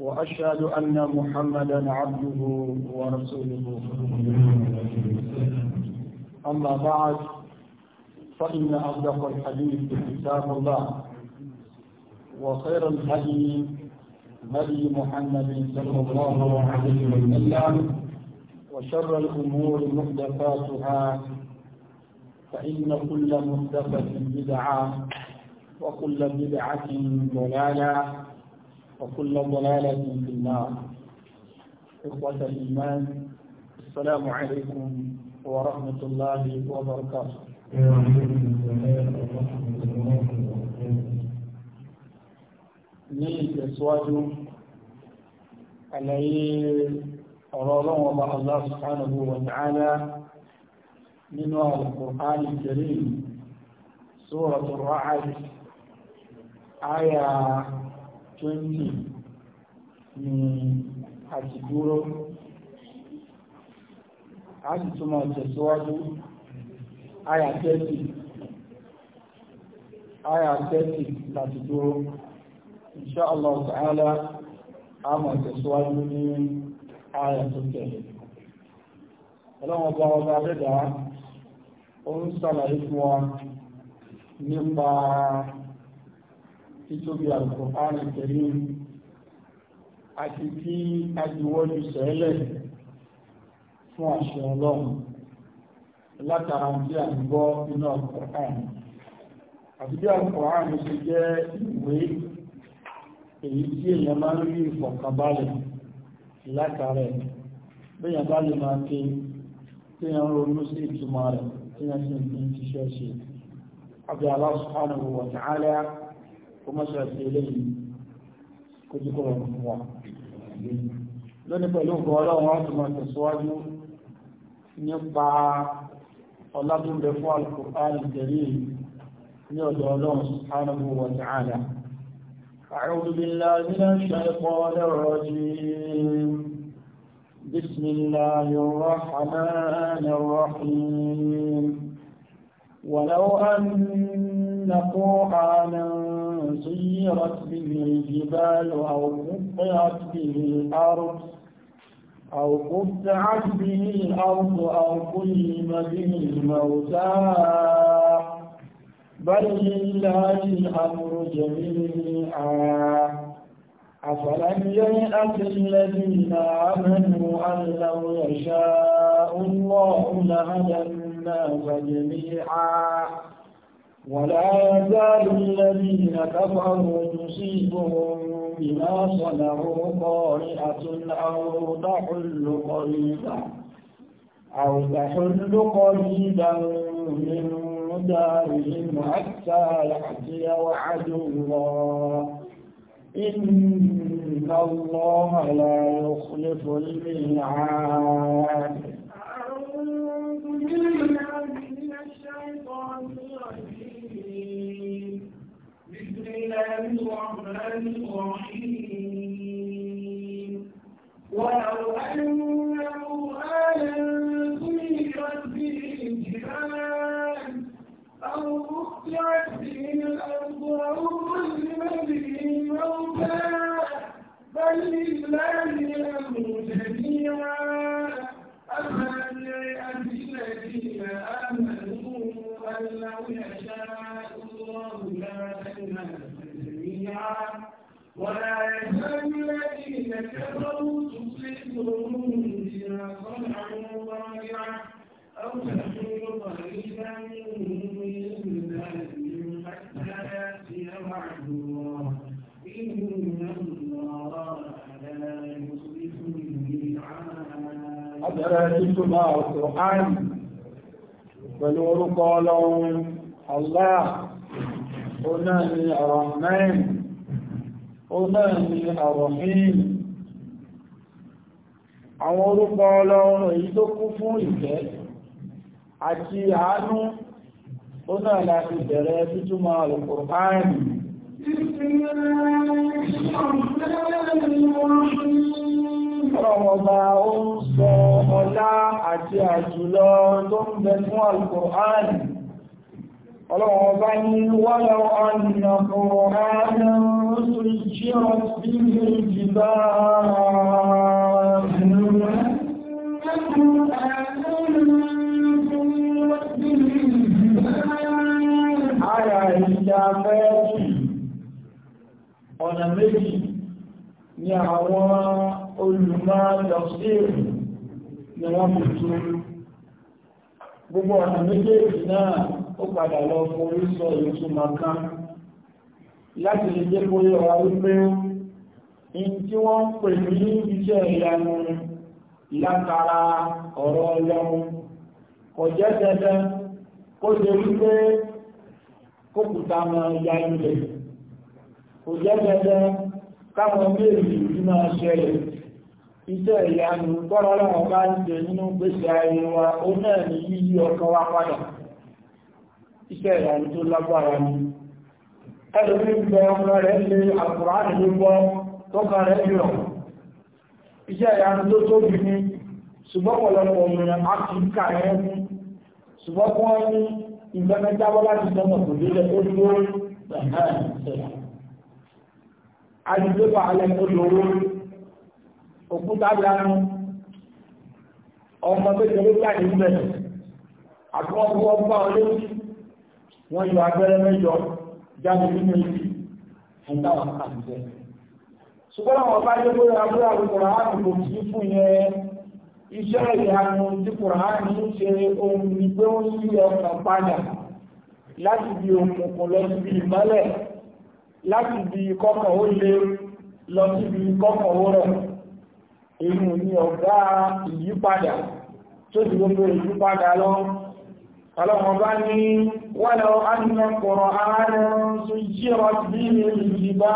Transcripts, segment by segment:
وأشهد أن محمدا عبده ورسوله أما بعد فإن أصدق الحديث كتاب الله وخير الهدي هدي محمد صلى الله عليه وسلم وشر الأمور محدثاتها فإن كل محدثة بدعة وكل بدعة ضلالة وكل ضلالة في النار إخوة الإيمان السلام عليكم ورحمة الله وبركاته ní ìtẹ̀síwájú àlàyé ọ̀rọ̀ ọlọ́wọ́ bá Allah subhanahu wa ta'ala nínú al-Qur'an al-Karim Suratul Ra'd àyà twenty ni àtìdúró a sì tún tẹ̀síwájú thirty àyà thirty làtìdúró insha Allah ta'ala a máa tẹ̀síwájú ní àyà tó tẹ̀lé ọlọ́wọ́n bá ọba abẹ́dàá ó ń sàlàyé fún wa nípa títóbi Al-Qur'an Al-Karim àti tí ajíwọ́lù sẹ́lẹ̀ fún àṣẹ ọlọ́run látara tí a ń gbọ́ inú Al-Qur'an àti bí Al-Qur'an ṣe jẹ́ ìwé èyí tí èèyàn máa ń rí ìfọ̀kànbalẹ̀ látara ẹ̀ bẹ́yàn bá lè máa ké tí yàn ronú sí ìtumọ̀ rẹ̀ tí yàn sì ń fi ṣiṣẹ́ ṣe. Abdi Allah subhanahu wa ta'ala kó má ṣe àti eléyìí kó jí kó rọrùn fún wa lónìí pẹ̀lú nǹkan ọlọ́run wọn tún máa tẹ̀síwájú nípa ọlá tó ń bẹ fún Al-Qur'an Al-Karim ní ọ̀dọ̀ ọlọ́run subhanahu wa ta'ala أعوذ بالله من الشيطان الرجيم بسم الله الرحمن الرحيم ولو أن قرآنا سيرت به الجبال أو قطعت به الأرض أو قطعت به الأرض أو كلم به الموتى بل لله الأمر جميعا أفلم ييأت الذين آمنوا أن لو يشاء الله لهدى الناس جميعا ولا يزال الذين كفروا تصيبهم بما صنعوا قارعة أو تحل قريبا أو تحل قريبا من دارهم حتى يأتي وعد الله إن الله لا يخلف الميعاد أعوذ بالله من الشيطان الرجيم الله الرحمن الرحيم ولو أنه آلا سيرت به الجبال أو قطعت به الأرض أو ظلم به موتى بل لله الأمر جميعا أفلا يأتي الذين آمنوا أن لو يشاء عنه ولا يزال الذين كفروا تصيبهم بما صنعوا ضائعة أو تحول قريبا من أهلهم حتى يأتي وعد الله إن الله لا يخلف الميعاد. أدركت مع القرآن pẹ̀lú orúkọ ọlọ́run Allah ó náà ni Ar-Rahman onáàmì àrọ̀fíìn àwọn orúkọ ọlọ́run èyí tó kún fún ìfẹ́ àti àánú onáàmì àti bẹ̀rẹ̀ títúmọ̀ Al-Qur'an Ọlọ́mọba ó ń sọ ọlá àti àjùlọ tó ń bẹ fún Al-Qur'an ọlọ́wọ́ bá ní wọ́lọ́ ọ̀nà ọ̀rọ̀ سجرت به الجبال Ara ìjà mẹ́rin ọ̀nà méjì ni àwọn olùmọ́lọ́sílù ni wọ́n mú tó. Gbogbo ọ̀nà méjèèjì náà ó padà lọ forí sọ ìtumọ̀ kan láti lè jẹ́ kó yọ wa wípé in tí wọ́n ń pè ní iṣẹ́ ìyanu látara ọ̀rọ̀ ọlọ́run kò jẹ́ dandan kó ṣe wípé kókùtà máa ya ilẹ̀ kò jẹ́ dandan káwọn méjì rí máa ṣẹlẹ̀ iṣẹ́ ìyanu tọ́rọ ọlọ́run bá ń ṣe nínú gbèsè ayé wa ó náà ní yíyí ọkàn wa padà iṣẹ́ ìrìn tó lágbára ni ẹlùmí gbọ́ ọmọ rẹ̀ lè àkùránì ní gbọ́ tó ká rẹ̀ yọ̀ iṣẹ́ ìrìn tó tóbi ni ṣùgbọ́n pọ̀lọpọ̀ òmìnira a kì í kà ẹ́ mú ṣùgbọ́n kí wọ́n ní ìgbẹ́mẹ́jábọ́ láti sọmọ kò ọmọ tó jẹ́ ló jáde ń bẹ̀rẹ̀ àti wọ́n fọwọ́ bá wọ́n yọ abẹ́rẹ́ mẹ́jọ jáde nínú ìlú fún táwọn àtijọ́ ṣùgbọ́n àwọn ọba yóò gbé abúlé àwòkọ̀rọ̀ àbùkù sí fún yẹn iṣẹ́ ìyanu tí kùránì ń ṣe ohun ní pé ó sí ọkàn padà láti bí òkùnkùn lọ síbi ìmọ́lẹ̀ láti bí kọ́kàn ó le lọ síbi kọ́kàn ó rọ̀ èyí ni ọ̀gá ìyípadà tó ti gbogbo ìyípadà lọ́wọ́ ọlọ́mọba ní wọ́lẹ̀ ọ̀hánà kọ̀rọ̀ ààrẹ tó jíra bí i ìdìbà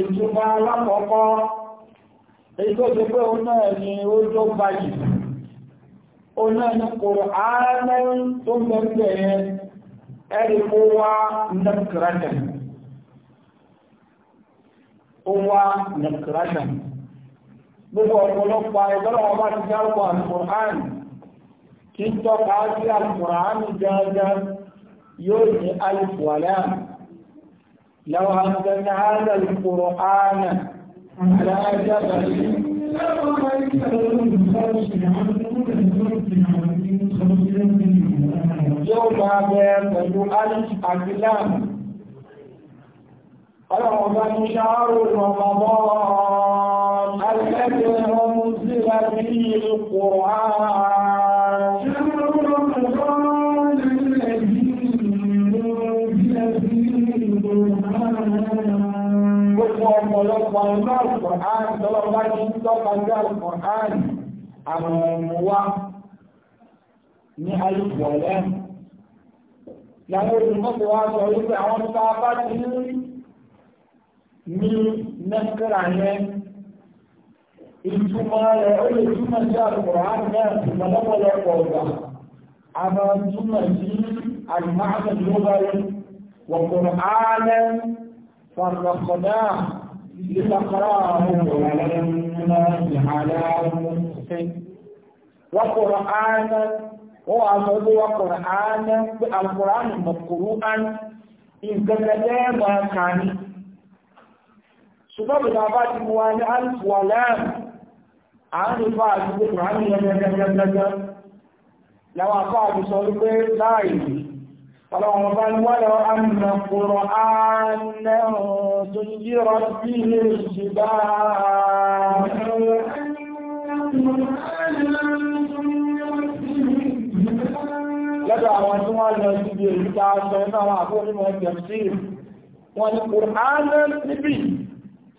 ìjọba alákọ̀ọ́kọ́ ètò tó pé o náà ni ó jọ gbayì o náà ni kọ̀rọ̀ ààrẹ tó mẹ́rin ẹ̀rẹ̀ kó wá nẹ́kìrẹ́kẹ̀ẹ́ ó wá nàkìrájà gbogbo ọ̀pọ̀lọpọ̀ àìgbọ́lọ́wọ́ bá ti dárúkọ àlùkùránì kí ń tọ́ka sí àlùkùránì dáadáa yóò ní alùpùpù لو أنزلنا هذا القرآن على جبل يوم ما بين ألف أقلام رمضان شهر رمضان الذي أنزل فيه القرآن Gbogbo ọ̀pọ̀lọpọ̀ iná Al-Qur'an tọ́lọ́ bá ní tọ́ka sí Al-Qur'an àwọn ọmọ wa ní alùpùpù ọ̀lẹ́. Ìyàwó olùmọ́sọ̀ wa sọ wípé àwọn tó bá bá ti ń rí ní nẹ́kẹ́rà yẹn ìtumọ̀ rẹ̀ ó lè túmọ̀ sí Al-Qur'an náà túmọ̀ lọ́pọ̀lọpọ̀ ọ̀gbà a máa túmọ̀ sí àlùmáàmì lóbáyé wọ̀kùnrin ààrẹ fàrọ̀kọ̀dá ìlàkọ̀rọ̀ àwọn òwòrán wọ́kùnrin ṣùgbọ́n bí bàbá ti mú wa ní alifu wa láàmù àárín bá àdúgbò kùránì gẹ́gẹ́gẹ́gẹ́gẹ́ làwọn afọ àdúsọ wípé láàyè ọlọ́run bá ní wọ́n lọ àmìnà kúrọ̀ ánẹ́rùn tó yíra bí ilé ìṣẹ́gbà lọ́dọ̀ wọ́n lọ síbi náà níbi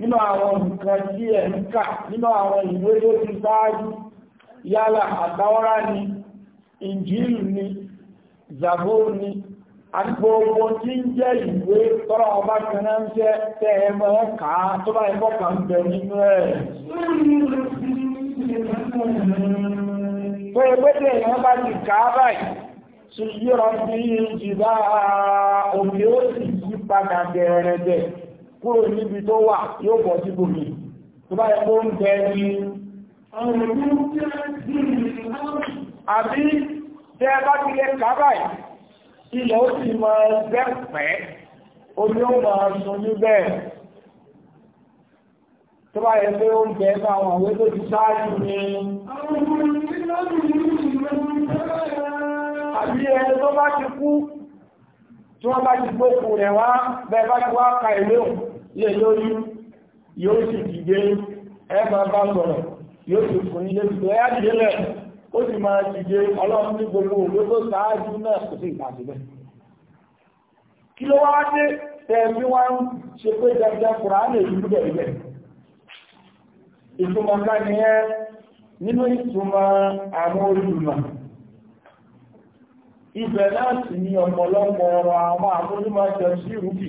nínú àwọn nǹkan tí ẹ̀ ń kà nínú àwọn ìwé tó ti sáájú yálà àtàwọ́rá ni ìjìlù ni zàbó ni àgbogbo tí ń jẹ́ ìwé tọ́rọ ọba kanáà ń jẹ́ tẹ́ ẹ mọ́ ká tó bá ẹgbọ́ kan bẹ nínú ẹ̀ tó ẹgbẹ́ tẹ́ ẹ̀yàn bá ti ká báyìí tí yíra sí ìjìbá òkè ó sì yí padà bẹ̀rẹ̀ kúrò níbi tó wà yóò bọ̀ sí gbòmí tó bá ẹ̀kọ́ ń bẹ ní àbí tẹ́ bá ti lè kábàì ilẹ̀ ó sì mọ ẹgbẹ́ pẹ́ omi ó mọ sun níbẹ̀ tó bá yẹ pé ó ń bẹ bá àwọn àwọn tó ti sáájú ni àbí ẹni tó bá ti kú tí wọ́n bá ti gbókù rẹ̀ wá bẹ́ẹ̀ bá ti wá ka ìwé lè lórí yóò sì dìde ẹ máa bá sọ̀rọ̀ yóò sì fún ilé ìgbé ẹ dìde lẹ̀ ó sì máa dìde ọlọ́run ní gbogbo òwe tó ṣáájú náà kò sí ìpàdé bẹ́ẹ̀. kí ló wá dé tẹ̀mí wá ń ṣe pé dandan kùránì ìlú bẹ̀rẹ̀ bẹ̀rẹ̀ ìtumọ̀ ká ni ẹ nínú ìtumọ̀ àwọn olùmọ̀ ibẹ̀ náà sì ni ọ̀pọ̀lọpọ̀ ọ̀rọ̀ àwọn àfúnnímọ̀jọ sí rúbì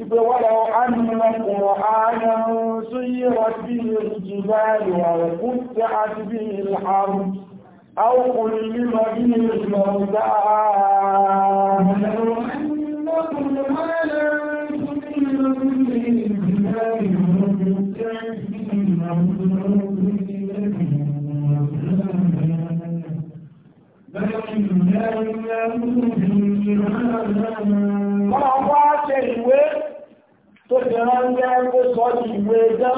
ibẹ̀ wọ́lọ̀ ánìmọ̀kùnrọ̀ ayọ̀rún tó yíra bí ìrìjì báyìí wọ̀rọ̀ kún tí a ti bí ìlàrùn áwọ̀kùnrin mímọ̀ bí ìrìnlọ́rùn dáa Máa wá ṣe ìwé sọ di ìwé ẹjọ́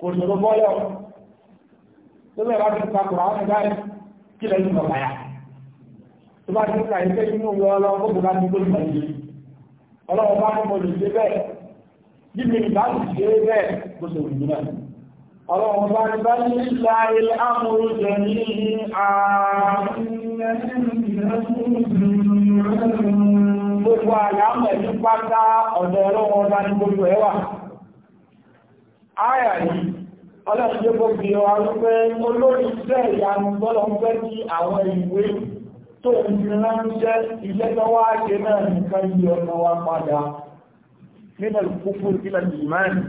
kò ṣòro bọ́lọ̀. Tó bẹ̀rẹ̀ láti takùrà wọn dáre kí lẹ́ yìí bàbá Tó bá ti ń kàyé inú ìwé ọlọ́run ó bùkà gbogbo ìgbà yìí. bá Ọlọ́run bá ní bá ní ìlà ilẹ̀ àmúrú jẹ ní gbogbo ní ọlọ́run jẹ́ gbogbo ẹwà wípé olórí ìyanu fẹ́ àwọn ìwé tó ń fi tọ́wọ́ náà nìkan wa padà nínú ìkúkú ìpínlẹ̀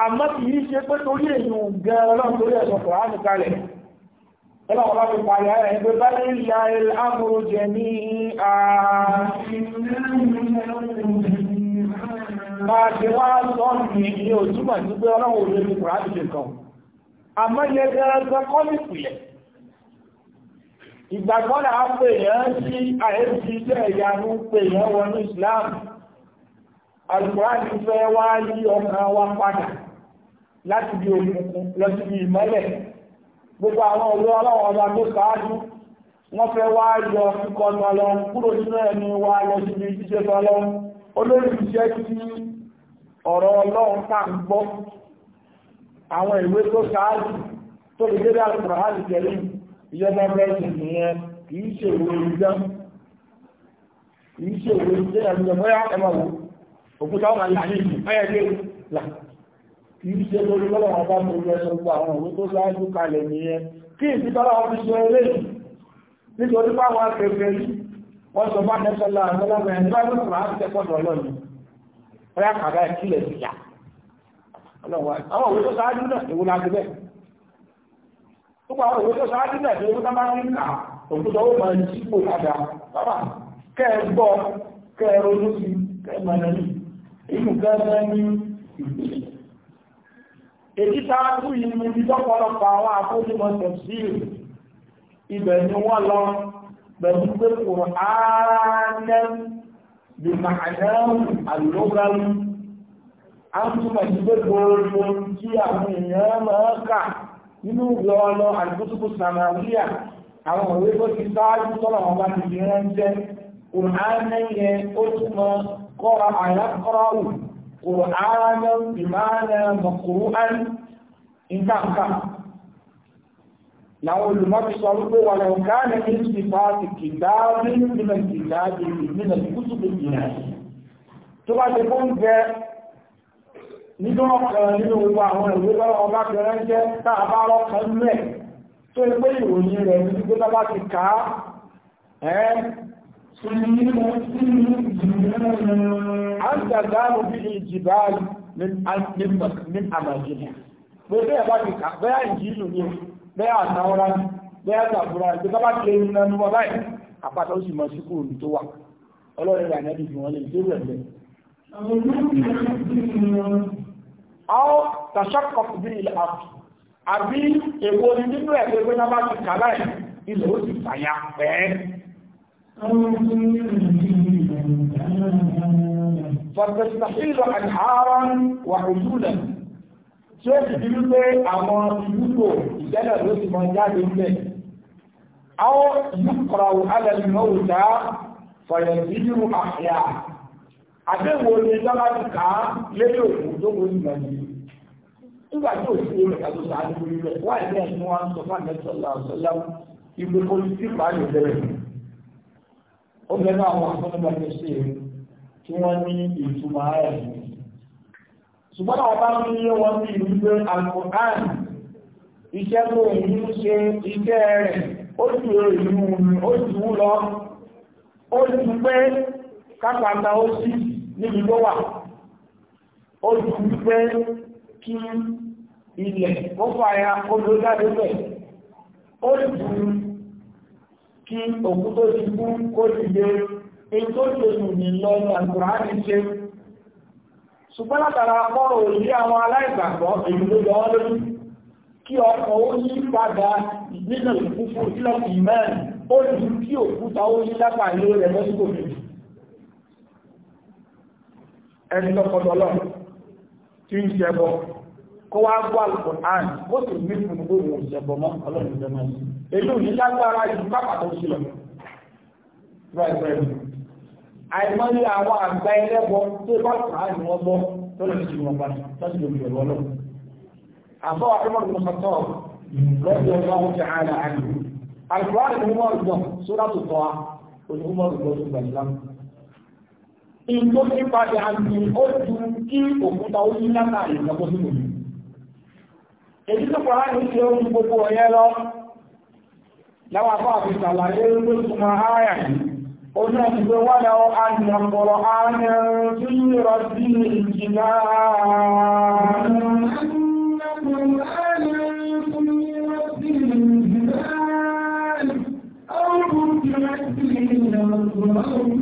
àmọ́ kì í ṣe pé torí èyàn gan ọlọ́run torí ẹ̀sọ̀ kòránù kalẹ̀ ọlọ́run bá fi parí ara ẹgbẹ́ bá ní ìlà àmúrò jẹ ní ààrẹ wá sọ ní ilé òjúmọ̀ sí pé ọlọ́run òye ní kòránù ní ìsìláàmù alùpùránì fẹ́ wá yí ọkàn wa padà láti bí òkùnkùn lọ sí bí ìmọ́lẹ̀ gbogbo àwọn òwe ọlọ́wọ́ ọba tó ṣáájú wọ́n fẹ́ wá yọ kíkọ́ tọ́lọ kúrò nínú ẹni wa lọ sí bí jíjẹ tọ́lọ olórí tí ọ̀rọ̀ ń gbọ́ àwọn ìwé tó tó lè tẹ̀lé ìjọba nìyẹn kì í ìjọ kì í òkúta ọmọ ìlànà ìlú ẹ̀ẹ́dẹ́ là kì í ṣe lórí lọ́wọ́ bá mú àwọn òwe tó láájú kalẹ̀ nìyẹn kí ìsì tọ́lá wọn fi ṣe eré nítorí báwọn akẹ́kẹ́ yìí wọ́n sọ bá nẹ́sọ́lá ọlọ́run ẹ̀ńdọ́ ọlọ́run máa ń tẹ́kọ̀dọ̀ ọlọ́run ọyá kàdá ìkílẹ̀ ìyá àwọn òwe tó sáájú náà ewu la ti bẹ́ẹ̀ gbogbo àwọn òwe sáájú náà ewu tá máa ń kà òkúta ó máa ń jí kó padà bàbá kẹ́ ẹ gbọ́ kẹ́ sí kẹ́ ẹ máa inú gẹ́gẹ́ ní ìgbìyàn èyí tààtù yìí ni ibi tọ́pọ̀lọpọ̀ àwọn àkójúmọ̀ tẹ̀síìrì ibẹ̀ ni wọ́n lọ pẹ̀lú pé kò áánẹ́ bí màánẹ́ àlógárí a ń túnmọ̀ sí pé gbogbo tí àwọn èèyàn máa kà nínú ìwé ọlọ àdúgbò samaria àwọn òwe tó ti sáájú tọ́lọ̀ bá ti fi ránṣẹ́ kò áánẹ́ yẹn ó túnmọ̀ قرأ يقرأ قرآنا بمعنى مقروءا إن كان لو المقصد ولو كان من صفات كتاب من الكتاب من الكتب الإلهية تبقى تكون nínú ọ̀kan nínú gbogbo àwọn ìwé ọba kẹrẹ jẹ́ tàbá ọkàn mẹ́ tó ẹgbẹ́ ìròyìn rẹ̀ ní gbogbo bá ti kàá ẹ́ an tàdánù bí i jìbáàlì min àmàjìnà pẹ̀lú ẹ̀bá ti kà bẹ́yà ìjìlù ní bẹ́yà àtàwọ́rá ní bẹ́yà tàbúrá ní tọ́bá ti lè nínú ẹnu ọba ẹ̀ àpáta ó sì mọ̀ sí kúrò ní tó wà ọlọ́rẹ̀ rẹ̀ ànẹ́bì fi wọ́n lè tó rẹ̀ lẹ̀ àwọn tàṣàkọ̀ bí ilẹ̀ àfi àbí èwo nínú ẹ̀ فَتَسْتَحِيلُ أَنْهَارًا وَعُيُونًا tí ó sì bírí pé àwọn ìlúkò ìjẹ́lẹ̀ ló ti máa jáde ilẹ̀. a ó yíkọ̀rọ̀ alẹ́lẹ́mọ́wòdá fọ̀yẹ̀síjú àṣíyà àdéwò ní lọ́lájúká lérò òjòwò ìgbàlẹ̀ nígbà tí ó sì rẹ̀ kàtó sàánú orí rẹ̀ wáyé ní ẹ̀sùn wọn sọ fún àmẹ́sọ̀lá ọ̀sọ́lá ìgbẹ́kọ̀ọ́ sí pàálù bẹ̀rẹ̀ ó bẹ̀rẹ̀ àwọn àfọ́nàbàtẹ̀ sí èrè tí wọ́n ní ìtumọ̀ ayẹ̀ ṣùgbọ́n àwọn bá ń yé wọn bí ìlú pé alkohan iṣẹ́ tó èyí ń ṣe iṣẹ́ rẹ̀ ó ju èyí mi ó jù ú lọ ó ju pé kápáta ó sí níbi tó wà ó ju pé kí ilẹ̀ ó fàya ó lọ jáde bẹ̀ ó ju kí òkú tó ti kú kó ti gbé ètò ìlòsùn ní lọ́nà àkùránì ṣe ṣùgbọ́n látara pọ́rọ̀ òyí àwọn aláìgbàgbọ́ èyí ló yọ ọ́ lórí kí ọkọ̀ ó yí padà nínú ìfúfú sílọ́pù mẹ́rin ó ní kí òkúta ó yí lápá ilé rẹ̀ lọ́síkò méjì ẹni lọ́kọ̀ọ́lọ́ tí ń ṣẹbọ kó wá gbọ́ alukur'an ó sì ní gbogbo ìwọ̀n ìṣẹ̀bọ̀ mọ́ ọlọ́run ìjọba yìí èyí ò ní lágbára yìí pápá tó ṣe lọ. àìmọye àwọn àgbà ẹlẹ́bọ tó bá kùrán ni wọ́n bọ́ tó lè ṣe wọn padà lọ́sí lórí ẹ̀rọ ọlọ́run. àbọ̀ àtọ́mọ̀lù ló sọ tọ́ lọ́sí ọgbà wọn ti hàn án àná. alukur'an ni wọ́n gbọ́ sódà tó tọ́ wa onímọ̀ ìgbọ́ tó gbà ìlànà ìlú tó ti padà ní ó ju kí òkúta ó yí látàrí ìgbàgbọ́sí lòdì èyí tó kọ̀ láti ṣe ojú gbogbo ọ̀yẹ́ lọ láwọn afọ́ àfi ṣàlàyé ló súnmọ́ ààyà ó náà ti gbé wọ́n lọ àjùmọ̀pọ̀lọ̀ ààrẹ tí yíra sí ìjìnlá Thank you.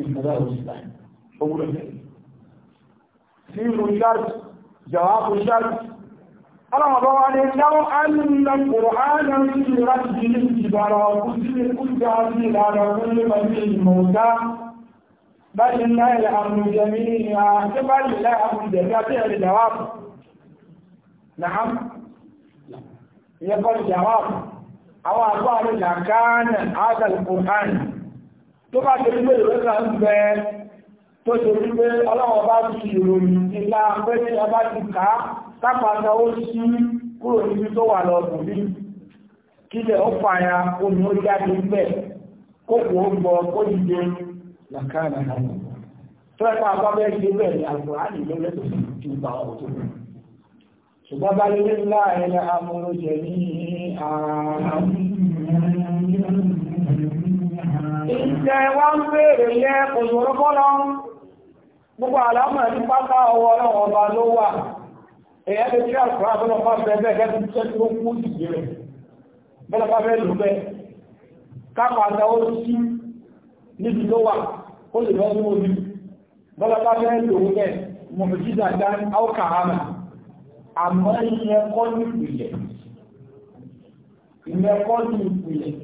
ìgbàlá òṣìṣà ogúnlẹ̀ sí rúṣàt jàwábù ṣàt alamọ̀bọ̀wà ni láwọn alìlẹ̀ kòròhánà sí láti jílé ìbára kújílé kújá sí ìlànà kúlé pẹ̀lú ìmọ̀ta báyìí láìlẹ̀ àmújẹ̀mí àti báyìí láìlẹ̀ àmújẹ̀mí àti ẹ̀rẹ̀ jàwábù na'am ìyẹ́kọ́ jàwábù àwọn àgbà àrẹ̀ làkánà àgbà ìkòròhánà tó bá ṣe wípé ìrẹ́sà ń bẹ tó ṣe wípé ọlọ́wọ́ bá ti ìròyìn ìlà pé ní ọba ti ká sápàtà ó sí kúrò níbi tó wà lọ bù bí kílẹ̀ ó fàyà omi ó jáde bẹ̀ kó kò ó gbọ́ kó dìde ṣùgbọ́n bá lé láàrin amúrò jẹ̀ ní àárín Ìjẹ wá ń bèèrè yẹ òṣòro kọ́lọ́ gbogbo àlámà ní pátá ọwọ́ ọlọ́run ọba ló wà. Èyẹ́ lè tí àkùrá àbọ́lọ́ bá fẹ́ bẹ́ẹ̀ gẹ́gẹ́ tí ó tó kú ìdí rẹ̀. Bọ́lọ́ bá fẹ́ lò bẹ́ẹ̀. Káàkùn àgbà ó sí níbi ló wà, ó lè lọ sí omi. Bọ́lọ́ bá fẹ́ lò bẹ́ẹ̀, mo fi jíjà dání, á ó kà á mà. Àmọ́ ìyẹn kọ́ ní ìpìlẹ̀. Ìyẹn ní ìpìlẹ̀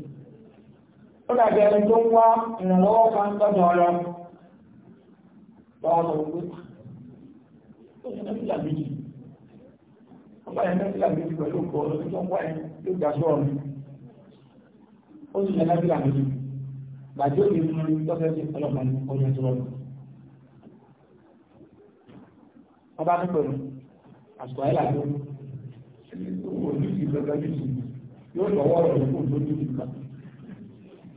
ó dàbí ẹni tó ń wá ìrànlọ́wọ́ kan tọ́jú ọlọ lọ́wọ́ lọ́wọ́ pé ó yẹ mẹ́fìlà méjì ọba yẹ mẹ́fìlà méjì pẹ̀lú òkú ọ̀rọ̀ tó ń wá ẹni tó gbà sọ ọ̀rọ̀ ó sì yẹ mẹ́fìlà méjì gbàdé òbí mú ní tọ́fẹ́ sí ọlọ́pàá ní ọjọ́ tó lọ́wọ́ ọba tó pẹ̀lú àsùkò ayé làdó òní ìgbàgbọ́ yóò lọ́wọ́ ọ̀rọ̀ ìkó lójú ìgbàgbọ́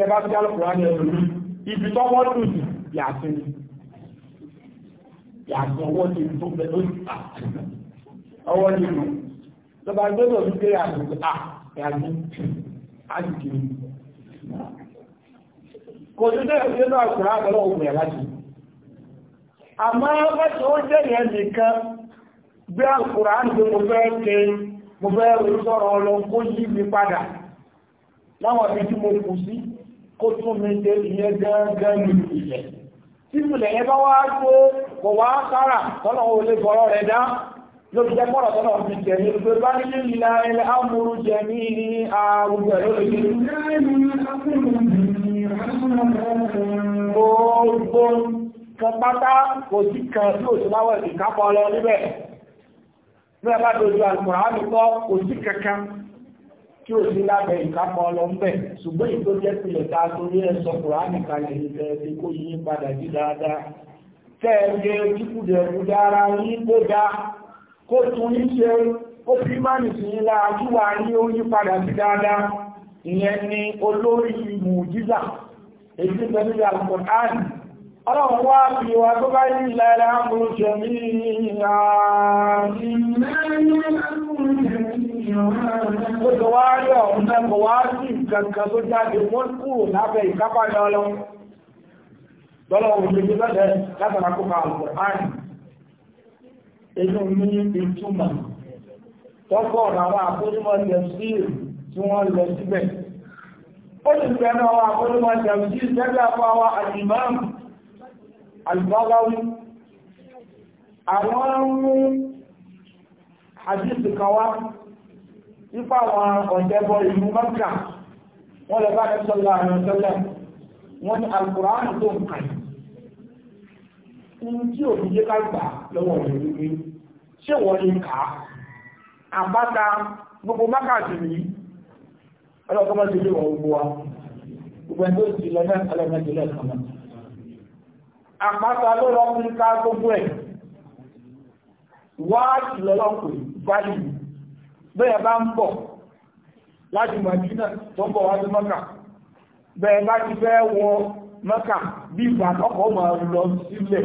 tẹ bá fi alùpùrá ní ẹ̀rù ibi tó wọ́n dùn sí yàtún yàtún ọwọ́ ti tó bẹ̀ ló sì pa ọwọ́ ti mú lọ́ba gbọ́dọ̀ fi pé yàtún à yàtún á sì kiri kò sí tẹ́lẹ̀ sí inú àkùrá àbẹ̀lọ́ òkùn yà láti àmọ́ bẹ́sẹ̀ ó jẹ́ yẹn nìkan bí àkùrá ń gbé mo fẹ́ ké mo fẹ́ rí sọ̀rọ̀ ọlọ́ kó yí mi padà láwọn ibi mo kù sí kó tún mi ṣe ìyẹn gángan ní ìyẹn tí ìpìlẹ̀ yẹn bá wá gbó kò wá sára tọ́nà ò lè fọ́rọ̀ rẹ̀ dá lórí jẹ́ mọ́rọ̀ tọ́nà fi jẹ́ ní gbé bá nílé ìlà ilẹ̀ amúrú jẹ ní ní àrùgbẹ̀ lórí gbogbo kan kò sí kan tí ò láwọ̀ ìkápọ̀ lọ níbẹ̀ tí ò sí lábẹ́ ìkápọ̀ lọ ń bẹ̀ ṣùgbọ́n ìtó jẹ́ pilẹ̀ ta torí ẹ sọ kùránì kalẹ̀ ìfẹ́ ti kó yí padà sí dáadáa tẹ́ ẹ jẹ́ ojúkùdẹ̀kù dára yín kó dá kó tún ní ṣe ó fi mánì sí ńlá ajúwà ní ó padà sí dáadáa ìyẹn ni olórí mùjíza èyí tí pẹ̀lú alukọ̀tán ọlọ́run wá fi wa tó bá yí ìlà ẹ̀rẹ́ àmúrú jẹ̀mí ó jọ wá rí ọ̀hún náà kò wá sí ìkankan tó jáde wọ́n kúrò lábẹ́ ìkápá lọ́lọ́ lọ́lọ́ òṣèlú lọ́dẹ látara kópa àlùkùránì inú ní ìtumọ̀ tọ́pọ̀ àwọn àkójúmọ̀ tẹ̀síìr tí wọ́n lọ síbẹ̀ ó sì fẹ́ náà àwọn àkójúmọ̀ tẹ̀síìr tẹ́lẹ̀ àpá wa al-Imam al-Baghawi àwọn ń mú àdíṣì kan wá nípa àwọn ọ̀jẹ́bọ ìlú mọ́kà wọ́n lọ bá ẹ̀sọ́lá àwọn ọ̀sọ́lá wọ́n ní alukùránù tó ń kà ní tí òbí jẹ́ ká gbà lọ́wọ́ rẹ̀ wípé ṣé wọ́n lè kà á àbáta gbogbo mọ́kà sì rí ọlọ́kọ́mọ́ sí ilé wọ̀ gbogbo wa gbogbo ẹni tó ti lọ náà ọlọ́mọdé lẹ́ẹ̀kan àpáta ló lọ fún ká gbogbo ẹ̀ wá bẹ́ẹ̀ bá ń bọ̀ láti Màdínà tó bọ̀ wájú Mọ́kà bẹ́ẹ̀ bá ti fẹ́ wọ Mọ́kà bí ìgbà ọkọ̀ ma lọ sílẹ̀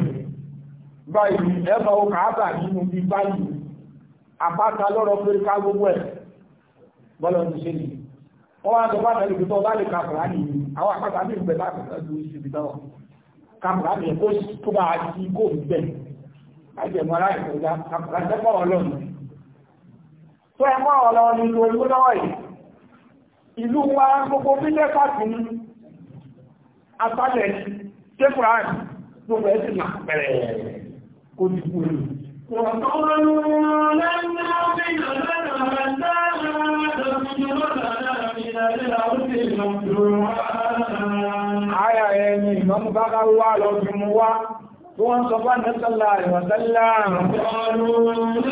báyìí ẹ̀mọ̀ ọkà nínú bí báyìí àpáta lọ́rọ̀ pé ká gbogbo ẹ̀ bọ́lọ̀ ṣe wọ́n wá bá lè kàkùrá ní àwọn àpáta ní bá kàkùrá ní oṣù kàkùrá ní ẹ̀kọ́ tó bá ti kó kàkùrá tẹ́kọ̀ ọlọ́run tó ẹmọ́ ọ̀lọ́ ní ìlú ìlú ìlú wa gbogbo bílẹ̀ pàtì ní asálẹ̀ tẹ́kùrán gbogbo ẹ̀sìn náà pẹ̀rẹ̀ kò ní kú ìlú Àyà ẹni ìmọ̀mú bá ká wá lọ bí mú wá, tó wọ́n sọ bá ní sọ́lá ìwọ̀sẹ́lá àrùn.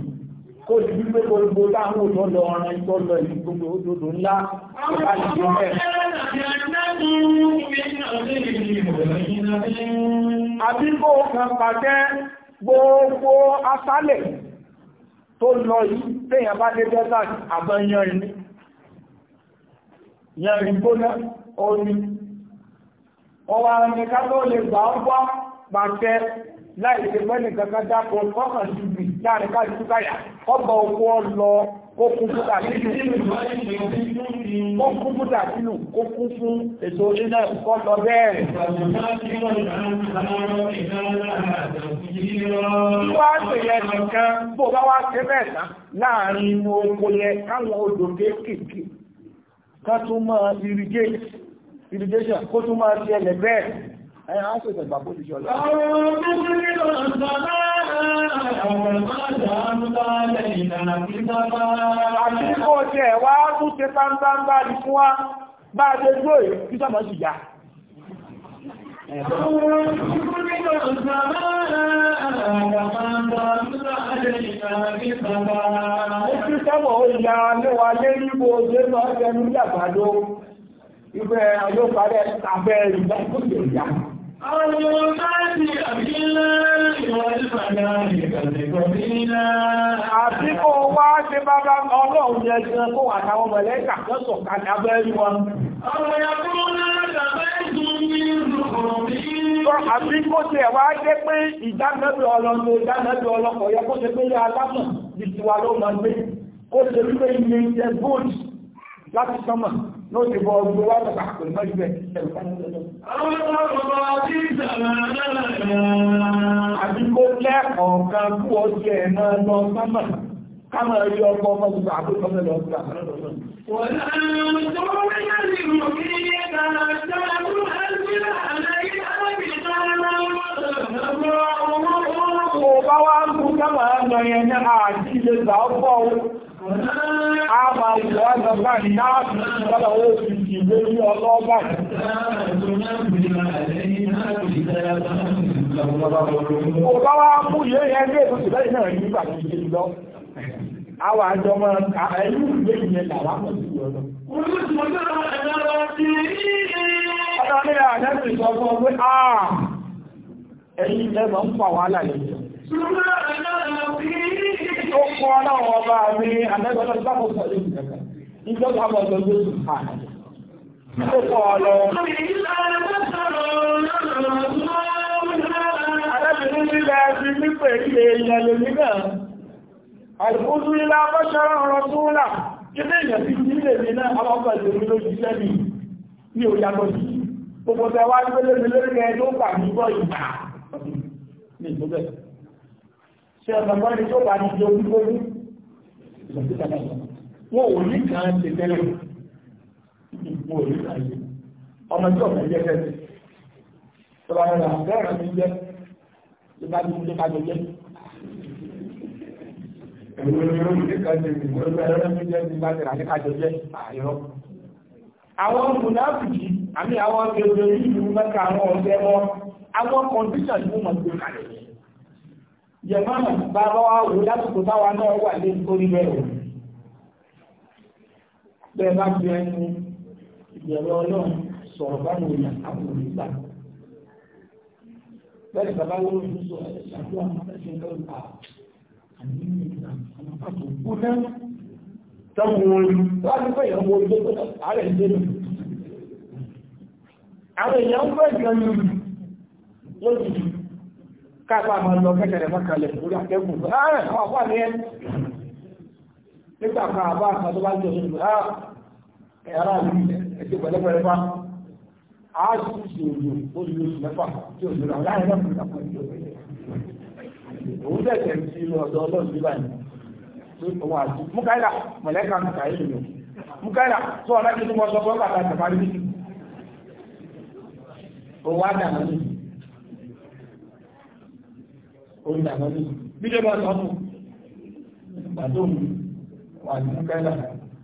tó ti bí pé gbogbo táwọn òjò lọ ọ̀rìn tó lọ ìlú gbogbo òdòdó ńlá ìbájú mẹ́. àbí kó kan pàtẹ́ gbogbo asálẹ̀ tó lọ yìí téèyàn bá dé desert àbọ̀ yanrin yanrin gbóná orin ọwọ́ àwọn ẹ̀ka tó lè gbà ọ́ gbọ́ pàtẹ́ láì ṣe pẹ́ nìkan kan dákọ̀ ọkàn síbi láàrin káàdì túkáyà ọba owó lọ kó kún púpà nínú kó kún púpà nínú kó kún fún ètò iná kọ́ lọ bẹ́ẹ̀rẹ̀. wá ṣèyẹ nìkan bó bá wá ṣe bẹ́ẹ̀ tán láàrin inú oko yẹ káwọn odò kéékèèké ká tún máa irrigate irrigation kó tún máa ṣẹlẹ̀ bẹ́ẹ̀ ẹ̀yà á ṣẹ̀ṣẹ̀ gbà bó ti ṣe ọlọ́run. Àwọn ọmọdé ọ̀sán náà àwọn ọmọdé àmúta lẹ́yìn àti sábà. Àti kò tẹ̀ wá tún ṣe pánpánpá ní fún wa bá a ṣe dúró yìí kí sọ́mọ́ sì yá. Àwọn ọmọdé ọ̀sán náà àwọn ọmọdé àmúta lẹ́yìn àti sábà. Ó ti sẹ́wọ̀ ó ya lẹ́wà lé níbo ṣe ọjọ́ Àtíkò wá ṣe bábá ọlọ́run yẹ ṣe kó wà táwọn mọ̀lẹ́kà lọ́sọ̀ kàtà abẹ́rí wọn. Ọmọ ẹ̀kọ́ náà tàbí ìdún ní ìrùkùn bí. Àtíkò tí ẹ̀ wá jẹ́ pé ìdámẹ́bẹ̀ ọlọ́run ìdámẹ́bẹ̀ ọlọ́kọ̀ yẹ kó ṣe pé láti sánmọ̀ ló ti bọ́ ọgbọ́ wá tàbí àkòrí mọ́ ìgbẹ̀ àdíkó lẹ́ẹ̀kọ̀ọ́ kan kú ọjọ́ ẹ̀ máa lọ sánmọ̀ káàmà rí ọkọ̀ ọmọ gbogbo àkókò mẹ́lọ ọgbà Wọ̀n láàrín tó rí ẹ̀rí mọ̀ kí ní ẹ̀kà àjọ́ àjọ́ àlẹ́ ìdájọ́ ọmọ ọmọ ọmọ ọmọ àmà ìlú àgbàgbà ní láàrín ìjọba ó fi ìwé ní ọlọ́gbà Ó bá wá mú ìyé yẹn ní ètò ìbẹ́yìn náà nígbà tí ó lọ. Àwọn àjọ mọ́ ẹ̀lú ìgbé ìyẹn làwá mọ̀ sí ọ̀dọ̀. Ọ̀dọ̀ ní àjẹ́sì sọ fún ọgbẹ́ àà ẹ̀yìn ẹ̀mọ̀ ń pa wàhálà lẹ́yìn tí ó kọ́ láwọn ọba mi àmẹ́gbẹ̀rẹ̀ ìgbàgbọ́ sọ̀rọ̀ ìgbàgbọ́ ìgbàgbọ́ sọ̀rọ̀ ìgbàgbọ́ Ó pọ̀ lọ. Arábìnrin nílẹ̀ ti nípe ilé èèyàn lè nígbà. Àìkúrú ilá bọ́ṣọ́rọ̀ ọ̀rọ̀ tó wúlà, ilé èèyàn ti nílẹ̀ mi náà ọlọ́pàá ìlú ló jíṣẹ́ mi ní òyàgbọ́ sí. Gbogbo tẹwàá gbélé mi lórí ẹni ó pàdé bọ́ ìgbà. Ní ìgbẹ́bẹ̀ ṣe ọ̀gbọ̀n ni tó bá ní ṣe ojúgbójú wọn ò ní kàn án ṣe tẹ́lẹ̀ wọn ò ní kàn án ṣe ọmọ tí ọ̀gbọ̀n jẹ́ tẹ́lẹ̀ tó bá rẹ̀ àgbẹ̀rẹ̀ mi jẹ́ tó bá ní ṣe kájọ jẹ́ ẹ̀rọ ìrọ̀ mi kàn ṣe ìgbẹ̀rẹ̀ mi jẹ́ tó bá rẹ̀ kájọ jẹ́ àyọ̀ àwọn mùnáfìkì àmì àwọn agbègbè ìlú mẹ́ta àwọn ọ̀gẹ́ wọn àwọn kọ̀ǹdíṣà ni wọ́n máa gbé kalẹ̀ yẹn jẹ̀mọ́nà bàbá wa wò lásìkò táwa náà wà lé nítorí bẹ́ẹ̀ bẹ́ẹ̀ bá fi ẹnu ìbẹ̀rẹ̀ ọlọ́run sọ̀rọ̀ báwo ni àbúrò àwọn ìgbà àwọn pàtó wọ́n ti fẹ́ ìyàwó orí tó tọ́ ń káàpá máa lọ kẹ́kẹ̀rẹ̀ mọ́kànlẹ̀ lórí akẹ́kùn ààrẹ àwọn àpá ní ẹ́ nígbà kan àbá àtàdó bá jẹ́ òṣèlú ẹ̀rọ àlú ẹ̀sẹ̀ pẹ̀lẹ́pẹ̀lẹ́ bá a sì ṣe òjò orí oṣù mẹ́fà tí òjò náà láàrin náà fún ìdàpọ̀ ìjọ òun tẹ̀sẹ̀ ń sí ọ̀dọ̀ ọlọ́run nígbà yìí tó òun àti múkàílà mọ̀lẹ́kà ń kà ìlú múkàílà tó ọ̀nà tí mo sọ fún bàtà ìtàparí òun á dà náà orí àgbàdì bíjọba lọ́nà ìgbàdóhùn wà ní kẹ́lá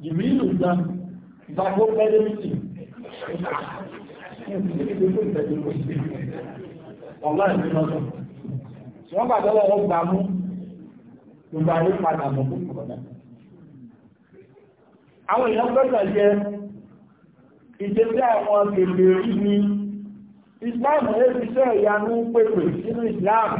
ìmí ìlú ìgbà ìgbàgbó pẹ́lẹ́ mítì wọ́n gbàdọ́wọ́ wọ́n gbà mú gbogbo ayé padà mọ̀ fún kọ̀ọ̀dá àwọn èèyàn gbọ́dọ̀ jẹ ìjẹsí àwọn kèfèrí ní ìsìláàmù lè fi sẹ́ ìyanu pèpè sínú ìsìláàmù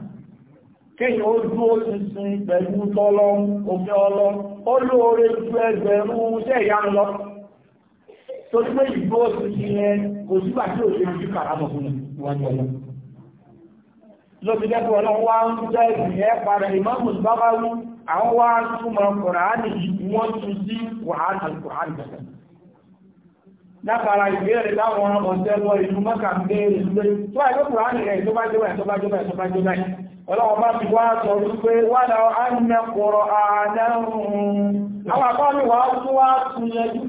kéyìn ó dúró ṣinṣin pẹ̀lú tọ́lọ́ òfin ọlọ́ ó lóore ju ẹgbẹ̀rún iṣẹ́ ìyá ń lọ tó tí pé ìdúró ṣinṣin yẹn kò sígbà tí òṣèlú ti kàràmọ̀ fún ìwájú ọlọ́ lóbi lẹ́kọ̀ọ́ ọlọ́run wá ń jẹ́ ìyẹn padà ìmọ̀mù bábá wú àwọn wá túmọ̀ kùránì wọ́n tún sí wàhálà kùránì bẹ̀rẹ̀ látara ìbéèrè láwọn ọ̀sẹ̀ lọ ìlú mọ́kà ń béèrè lórí tó àìkú kùránì rẹ̀ tó bá jẹ́ báyìí tó bá jẹ́ báyìí tó bá jẹ́ báyìí ọlọ́wọ́ bá ti wá sọ wípé wà náà á ń mẹ́ kọ̀rọ̀ àádáhùn àwọn àpáàmì wà tún wá tún yẹjú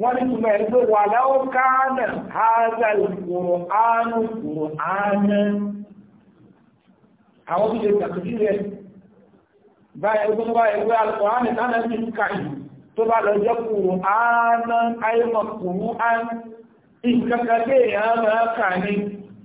wọ́n ní túnmọ̀ ẹ̀ pé wà náà káàdà áádà ìkòrò àánú kòrò àánú àwọn tó lè tàbí rẹ̀ báyẹ̀ tó bá ẹgbẹ́ lọ jẹ́ kòrò àánú àìmọ̀ kòrò àánú ní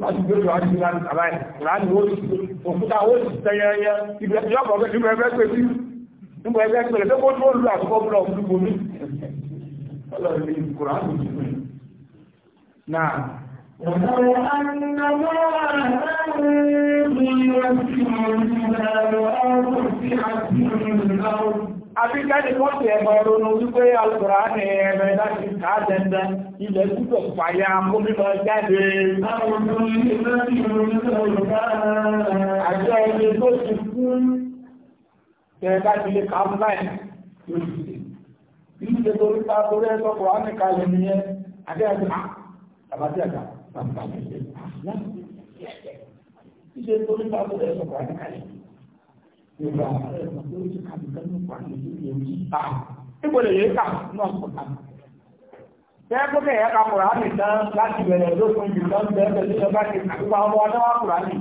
láti gbẹ́jọ àti láàrín òkúta ó ti tẹ́yẹyẹ ìbẹ̀lẹ́pọ̀ ẹgbẹ́ pé sí nígbà ẹgbẹ́ pẹ̀lẹ̀ tó kó tó lù àkọ́kọ́ búrọ̀ ọdún gbomi ọlọ́rin ìkùránù Abíkáde kọ́ ti ẹ̀mọ̀ ronú wípé alùpùrá ní ẹ̀mẹ̀ láti ká dẹ̀ndẹ̀ ilẹ̀ púpọ̀ fàyà múlùmọ̀ jáde. Àjọ ẹni tó ti kú tẹ̀ẹ̀bá ti lè ká láì lórí. Ilé torí ta kò á nìka lè àti à, ah, bàbá tí ah, torí kò Yorùbá lórí ti kàbí kan ní pàtó tó yẹ kí ta. Níbo lè yẹ ká nínú ọ̀pọ̀ kan? Bẹ́ẹ̀ kó kẹ̀ ẹ̀yà ka kùrà ní tán láti bẹ̀rẹ̀ lópin jù lọ bẹ́ẹ̀ pẹ̀lú ìjọba ti àgbà ọmọ ọdún wa kùrà ní.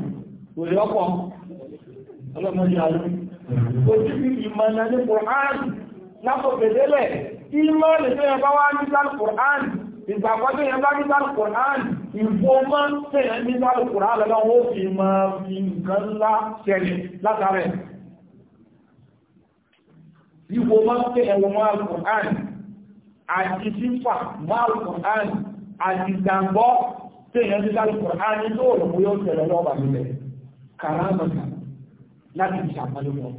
Òlè ọ̀pọ̀ ọlọ́mọdé alú. Ojú bí ìmọ̀ náà ní Kùrán lápò gbèdélẹ̀. Ìmọ̀ lè tó yẹ bá wá ní sálù Kùrán. Ìgbàgbọ́ tó yẹ bá ní sálù Kùrán. Ìfowópamọ́ tó yẹ ní sálù Kùrán lọ́wọ́ fi máa fi nǹkan ńlá ṣẹlẹ̀ látàrẹ̀ wíwo mọ́tẹ́ ẹ̀wọ̀n mọ́ alùkùnrin àti fífà mọ́ alùkùnrin àti ìdàgbọ́ tí èyàn ti alùkùnrin tó rò mú yóò tẹ̀lẹ̀ lọ́wọ́ nílẹ̀ kàrámọ̀tà láti ìṣàpàlùmọ̀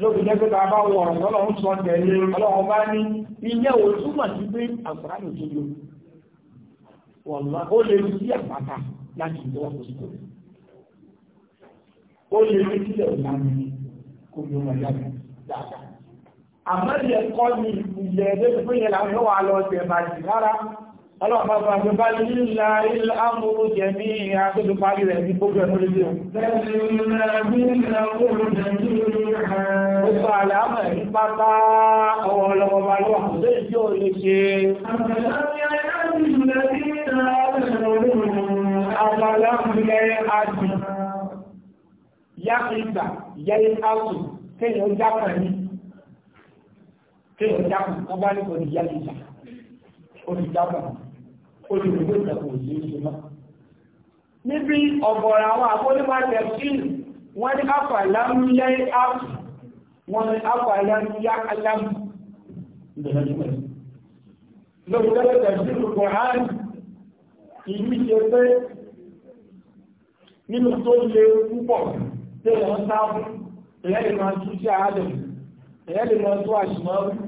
lóbi jẹ́ pé bá bá wọ̀rọ̀ lọ́lọ́run sọ tẹ̀lé ọlọ́run bá ní ilé ò túmọ̀ sí pé àkùnrin tó lò wọ̀lá ó lè rí sí àpáta láti ìjọba kò sí kò rí ó lè rí sílẹ̀ òlànà kò lè wọ̀lá dáadáa àmọ́ ilẹ̀ kọ́ ni ilẹ̀ ẹgbẹ́ fún yẹn làwọn yóò wà lọ ọ̀sẹ̀ bàjì rárá ọlọ́pàá fún àgbẹ̀ bá ní ìlà ilẹ̀ amúrú jẹ̀mí àtọ́jú parí rẹ̀ ní gbogbo ẹ̀mú lójú Gbogbo ó lè ní kéèyàn dákùn wọ́n bá ní kò ní yá ìjà olùdákùn olùdókòwò ìtàkùn òsì ìṣe níbi ọ̀gọ̀rọ̀ àwọn àfọ́nímọ̀tẹ̀ sí wọ́n ní afàlámúyẹ́ áàpù wọ́n ní afàlámúyá alámù ìdọ̀lọ́dúnmọ̀ lórí lọ́dọ̀tẹ̀ sí ìrùkọ̀hán ìlú ṣe pé nínú tó le púpọ̀ sáfún tún sí àádọ́ tún àṣìmọ́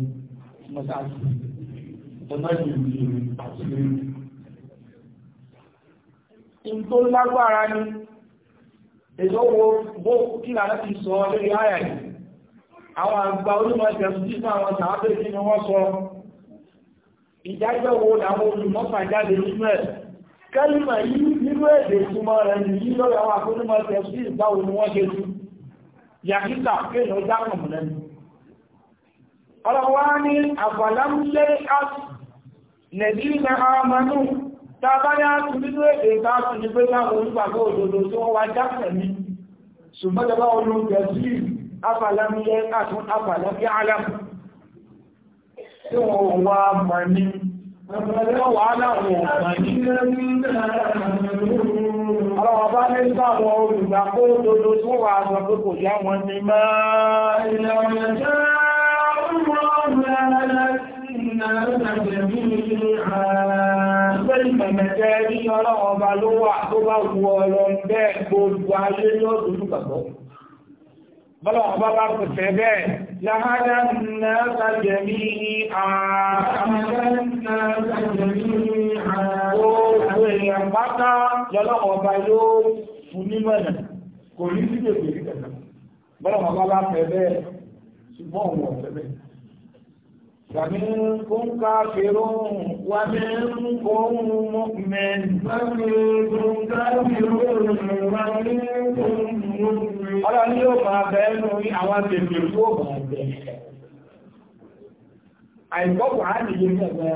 mọ́sáàsì ọ̀nàjì ìlú àti ìlú. Ìgbó lágbára ni èdòwò bó kí lára ti sọ lórí àyà yìí. Àwọn àgbà onímọ̀ ìfẹ̀sùn tí fún àwọn sàábẹ̀ tí wọ́n sọ. Ìdájọ́ wo làwọn olùmọ́fà jáde nínú ẹ̀? Kẹ́lìmọ̀ yìí nínú èdè ìtumọ̀ rẹ̀ nìyí lórí àwọn àkónímọ̀ ìfẹ̀sùn ìgbà wo ni wọ́n ṣe ọlọ́wọ́ ní àbàlámúlé lẹ̀bí ilẹ̀ àmànú tàbáyá tún nínú èdè bá tún ní pé láwọn olùgbàgbọ́ òdòdó tí wọ́n wá jáfẹ̀ ní ṣùgbọ́n tẹ́bá olóògbẹ̀ sí àbàlámúlé àtún àbàlámúlé alam tí wọ́n wá mọ̀ ní Ọlọ́wọ́ bá ní òdòdó tí wọ́n wá sọ kò yá wọn ní máa ilẹ̀ ọ̀rẹ́ خلقنا جميعا Ìgbẹ́lìmọ̀ mẹ́jẹ́ rí ọlọ́run ọba ló wà tó bá wù ọlọ́run bẹ́ẹ̀ gbogbo ayé lọ́dún gbàgbọ́. Bọ́lá ọba bá kò fẹ́ bẹ́ẹ̀, láhádá náà sàjẹ̀mí àwọn èèyàn pátá lọ́lọ́run ọba yóò fún nímọ̀nà, ومنكم yóò máa bẹ̀ẹ́ nù ní àwọn tèbè tó máa bẹ̀ẹ́ àìgbọ́gbọ̀ á nìyẹ mẹ́rẹ̀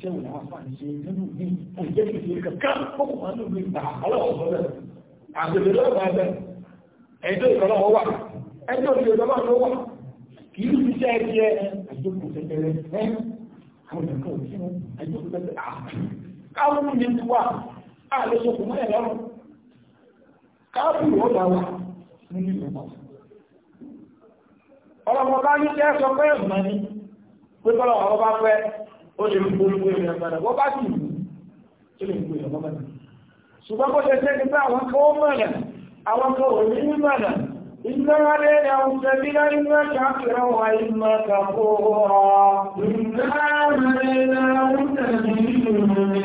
ṣe wọ́n wọ́n fà ní ṣe nínú bí ẹ̀jẹ́ ti ṣe kankan fókùn wọn ní ìgbà ọlọ́wọ́ bẹ̀rẹ̀ àgbègbè lọ́wọ́ àìjókòó tẹ́tẹ́rẹ́ ẹ́ àwọn ìyàkọ̀ òṣìṣẹ́ àìjókòó tẹ́tẹ́rẹ́ káwọn ní ti wà ààrẹ sọkùn mọ́lẹ̀ lọ́rùn káàbù wà nínú ìlú ọlọ́pọ̀ bá ní kẹ́ sọ pé ìmọ̀ ni pé bọ́lọ̀ ọ̀rọ̀ bá fẹ́ ó lè gbogbo ìwé rẹ̀ padà wọ́n bá sì wù ó lè gbogbo ìwé rẹ̀ ṣùgbọ́n bó ṣe ṣe ní pé àwọn kan ó mọ̀nà àwọn kan ò ní mọ̀nà إِنَّا عَلَيْنَا مُرْسَلِينَ إِمَّا شَاكِرًا وَإِمَّا كَفُورًا إِنَّا عَلَيْنَا مُرْسَلِينَ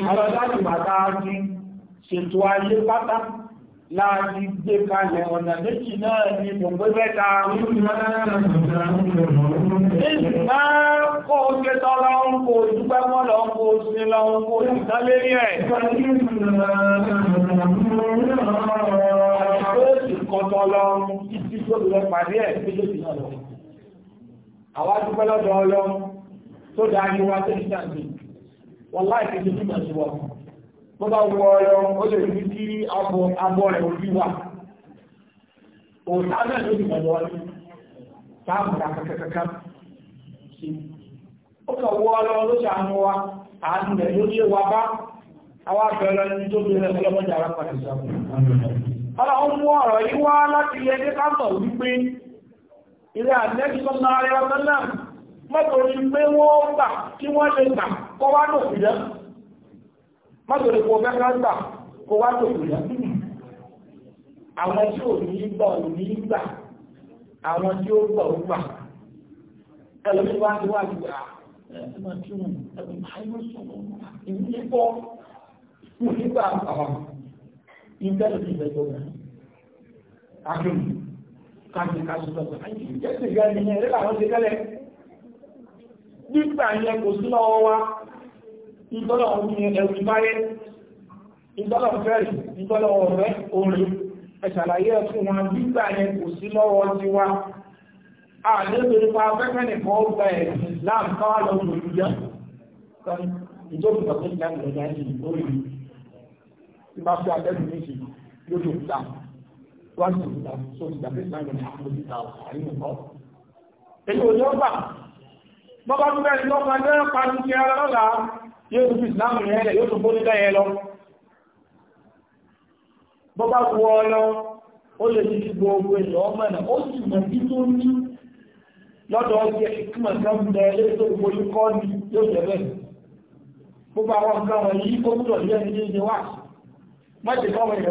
Àwọn láti bàtà ti ṣètò ayé pátá láti gbé kalẹ̀ ọ̀nà méjì náà ni mò ń gbé mẹ́ta. Ìgbà kó o ṣe tọ́lá ń kó o dúpẹ́ mọ́ lọ ń kó o nǹkan tán lọ́rùn títí tó lọ pàdé ẹ̀ méjèèjì náà lọ. àwa dúpẹ́ lọ́dọ̀ ọlọ́run tó dá ní wa tó ní sàǹdì wọn láì fi ṣe fún ìmọ̀ bá wọ ọlọ́run ó lè rí kí abọ́ rẹ̀ ojú wa náà ló ti mọ̀ lọ́wọ́ táàmù kàkàkàkà ó wọ ọlọ́run ló wa àánú rẹ̀ ló ní ewa bá àwọn tó bí ọlọ́run mú ọ̀rọ̀ yí wá láti yẹ ní káàtọ̀ wípé ilẹ̀ àdẹ́bí tó máa rí ọmọ náà mọ́tòrí pé wọ́n gbà kí wọ́n lè gbà kó wá tó fìdá mọ́tòrí kò fẹ́ ká gbà kó wá tó fìdá àwọn tí ò ní gbà ò ní gbà àwọn tí ó gbà ó ìtẹ́lẹ̀ ìgbẹ̀gbẹ̀ àkíyàn káàkiri káàkiri sọ́tọ̀ ìjẹ́sì ìgbẹ̀ ni ẹ̀rẹ́ làwọn ṣe tẹ́lẹ̀ nígbà yẹn kò sí lọ́wọ́ wá ìtọ́lọ̀ ọ̀rẹ́ ẹ̀rù ìbáyé ìtọ́lọ̀ fẹ́rì ìtọ́lọ̀ ọ̀rẹ́ orin ẹ̀ṣàlàyé fún wọn nígbà yẹn kò sí lọ́wọ́ ti wá àlébẹ̀rẹ̀fà afẹ́fẹ́ nìkan ó gba ẹ̀sìn láàmú káwà lọ́wọ́ ìjọ́ ìjọ́ ìjọ́ ìjọ́ ìjọ́ ìjọ́ ìjọ́ tí bá fẹ́ alẹ́ méjì lójú òkúta wọ́n ti òkúta tó ti dàbí ìsáyẹ̀ ní àwọn òkúta ọ̀pọ̀. èyí ò ní ọgbà bọ́bá tó bẹ́ẹ̀ lọ́pàá ẹgbẹ́ pàdé ti ara lọ́la yóò tún fi ìsìlámù yẹn lẹ̀ yóò tún bó nílẹ̀ yẹn lọ. bọ́bá wọ ọ lọ ó lè ní gbogbo èèyàn ọmọ ẹ̀ ó sì mọ̀ bí tó ní lọ́dọ̀ ọjọ́ ìkúmọ̀ kan lẹ́tọ́ ìgbòyí ni yóò jẹ́ bẹ́ẹ̀. gbogbo àwọn nǹkan wọ̀nyí ó gbúdọ̀ yẹ́ ní ní wáṣí mọ́jẹ̀ kọ́ ọ̀rọ̀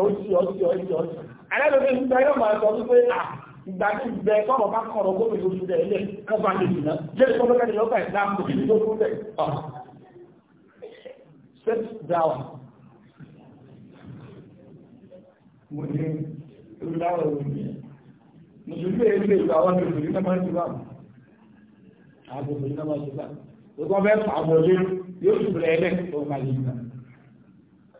bá mùsùlùmí èyí lè gba àwọn mùsùlùmí máa ń tibà àwọn máa ń tibà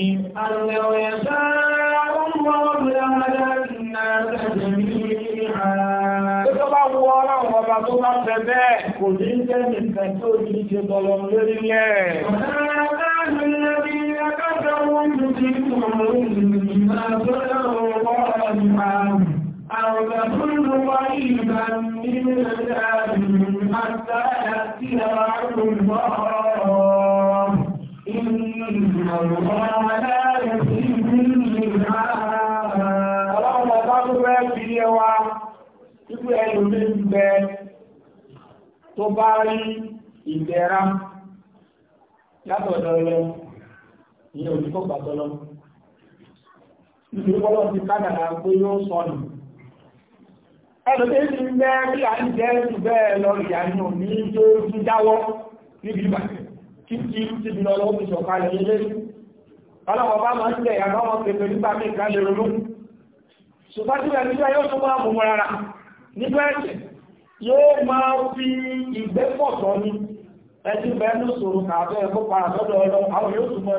المؤمن أن لو يشاء الله kò ní jẹ́ nìkan tó ní ṣe bọ̀lọ̀ lórí lẹ́. ọ̀rọ̀ Ìgbìmọ̀ ọ̀rọ̀ aláàrẹ̀ sí ìdílé ìgbà. Ọlọ́run ọba tó fẹ́ fi yé wa, wípé ẹlòmí ń bẹ tó bá rí ìdẹ̀ra látọ̀dọ̀ lọ, ìyẹn òdìkọ̀ pàtọ́ títí ti bí lọ́wọ́ fi sọ̀kalẹ̀ ilé ọlọ́wọ́ bá máa ń tẹ̀ àwọn ọmọ pẹ̀lú nípa mi lè ronú ṣùgbọ́n tí ẹni tí a yóò tún máa mú rárá nígbà ẹ̀sẹ̀ yóò máa fi ìgbẹ́ ní ẹtí bẹ́ẹ̀ sọ̀rọ̀ kàtọ́ ẹ̀kọ́ pa àtọ́dọ̀ ọlọ́ àwọn yóò tún máa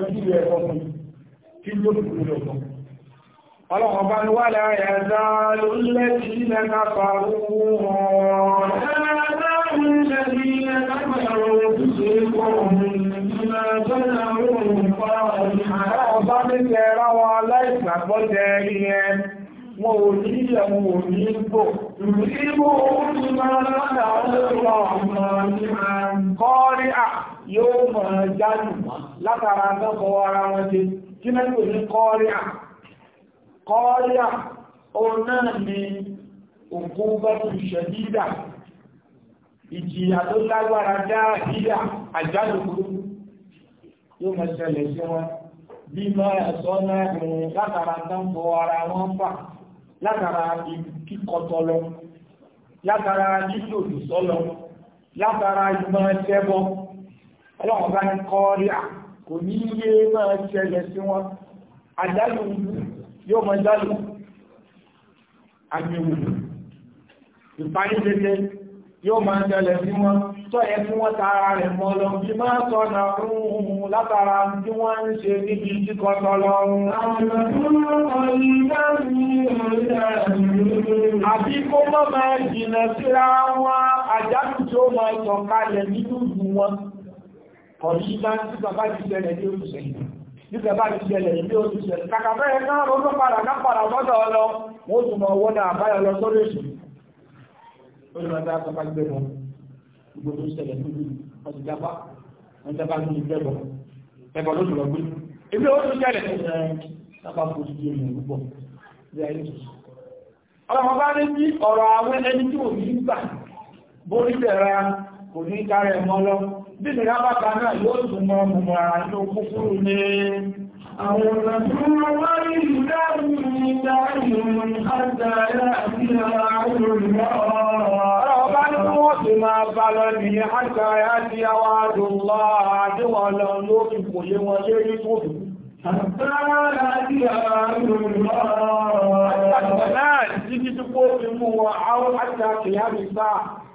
ọlọ́wọ́ bá ní wà láyé dáadó lẹ́tí ilẹ̀ kápa wọ́n Ọba nílẹ̀ ẹ̀rọ wọn aláìsàgbọ́ jẹ ilẹ̀ wọn ò ní ilẹ̀ wọn ò ní gbò. Ìgbìmò òun ti máa lọ́dà ọlọ́rọ̀ ọmọ ní àkọ́rí à yóò mọ̀ jálù látara mẹ́kọ̀ọ́ ara wọn ṣe, kí mẹ́kọ̀ọ́ ní kọ́rí à kọ́ọ́lá òun náà ni òkun bẹ́tù ṣẹ̀dídà ìjìyà tó lágbára dáadídà àjálùkúrú yóò mọ̀ ṣẹlẹ̀ sí wọn bí mọ́ ẹ̀sọ́ náà rìn látara tán bọ ara wọn fà látara kíkọtọlọ látara lílòdù sọlọ látara ìmọ̀ ẹ̀ṣẹ́bọ ọlọ́run kò ní yé máa ṣẹlẹ̀ sí wọn àjálùkúrú yóò mọ ìdálò àgbèwò ìpáyédédé yóò máa ń tẹ́lẹ̀ sí wọn tó ẹ fún wọn tààrà rẹ̀ mọ́ lọ bí máa sọ́nà rúrùn látara tí wọ́n ń ṣe níbi tí kọ́ sọ lọ àbí kó mọ́ máa jìnà síra wọn àjálù tí ó máa sọ̀kalẹ̀ nínú ìlú wọn kọ̀ nígbà bá ti ṣẹlẹ̀ ní oṣù ṣẹlẹ̀ kàkà bẹ́ẹ̀ náà ronú padà ká padà lọ́dọ̀ ọlọ wọ́n tún mọ wọ́n náà báyọ̀ lọ sórí èṣù olùrànlọ́dà sọ́kà gbé wọn gbogbo tó ṣẹlẹ̀ lórí ọdún jábá ọ̀rọ̀ àwọn ẹni tí òbí gbà bórí bẹ̀rẹ̀ kò ní kárẹ̀ mọ́ lọ́wọ́ bí nìra bá ta náà yóò tún mọ mọ̀mọ̀ ara ní okú fúrú ní àwọn ọ̀nà tí wọ́n wá ní ìdáhùn ní ìdáhùn àtàrà àti àwọn olùmọ̀ ọba ní wọ́n ti máa bá lọ ní àtàrà àti àwọn àdùnlọ́ àdíwọ̀ lọ ló fi kò yé wọn lé ní fòdù Àtàrà àti àwọn olùmọ̀ ọ̀rọ̀. Àtàrà àti títí tó kó fi mú wọn, àwọn àti àkìyàmì sáà.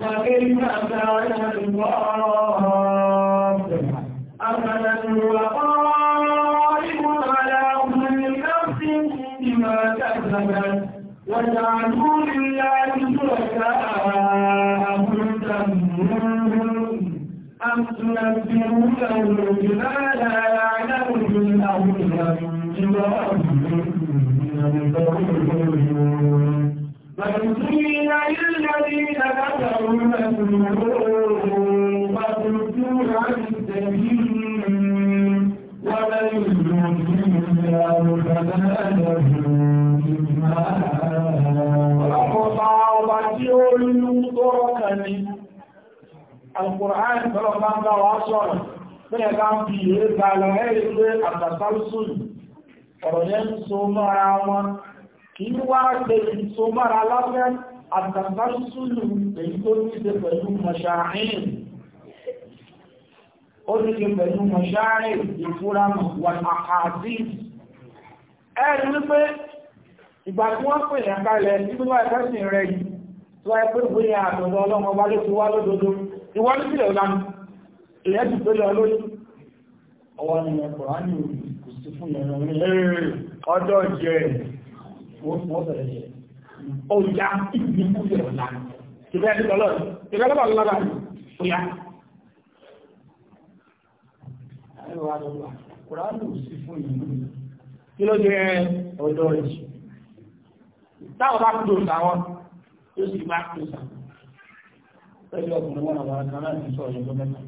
فكيف كان الغراب أملا وقائم على كل نفس بما كسبت وجعلوا لله شركاء قل تنبئون أم تنبئونه بما لا ń bá wa sọ̀rọ̀ bẹ́ẹ̀ bá ń fi ìwé ga lọ ẹ́rì pé àtàtàlùsùn ọ̀rọ̀ yẹn ń so mọ́ra wọn kì í wá pé ìso mọ́ra lásán àtàtàlùsùn èyí tó ní ṣe pẹ̀lú mọ̀ṣáàrín ó ní ṣe pẹ̀lú mọ̀ṣáàrín ìfúra wà àkàdí ẹ̀rí wípé ìgbà tí wọ́n pè yẹn kalẹ̀ nígbà ìfẹ́sìn rẹ̀ yìí tó wáyé pé ìwé èyẹ́ ti pẹ́lẹ̀ olóyí ọwọ́ ni ẹ̀kùránì kò sí fún ẹ̀rẹ̀ ọjọ́ jẹ́ táwọn bá kúrò sáwọn tó sì bá kúrò sáwọn pẹ̀lú ọkùnrin wọn àwọn akẹ́kọ̀ọ́ ìjọba mẹ́ta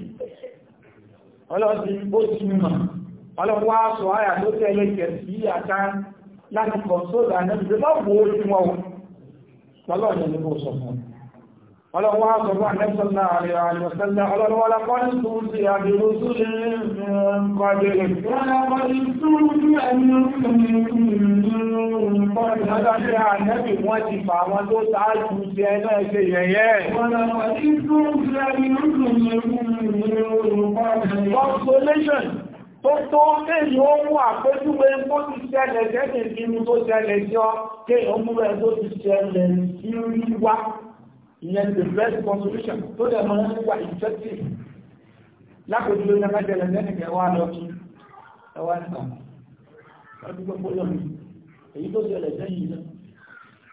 ọlọ́dí ó ti ọlọ́wọ́ aṣọ àyà tó tẹ́lẹ̀ kẹsì àká láti kọ̀sọ́lá nẹ́bìdẹ́ bá wo orí wọn ọlọ́dí ní kò sọ ọlọ́wọ́ aṣọ bá nẹ́sọ́lá àríwá àríwá sẹ́lẹ̀ ọlọ́wọ́ lápọ́ ní tún sí àbírú قبله ولقد سئلوا أنكم من قبله Ọlọ́dẹ́ ànẹ́bì wọ́n ti fà wọn tó sáájú ti ẹ̀nà ẹ̀ṣẹ̀ yẹ̀yẹ́. Consolation tó tó ó mú àpéjúwé tó ti ṣẹlẹ̀ jẹ́kẹ̀ nínú tó ṣẹlẹ̀ sí ọ kéyìí mú rẹ̀ tó ti ṣẹlẹ̀ sí wíwá. Ìyẹn the best consolation tó dẹ̀ mọ́ nípa effective lápòjú ló yẹn mẹ́jẹ̀lẹ̀ lẹ́nìkẹ́ wá lọ kí ẹwà nìkan ọdún gbogbo lọ mi èyí tó ṣẹlẹ̀ sẹ́yìn náà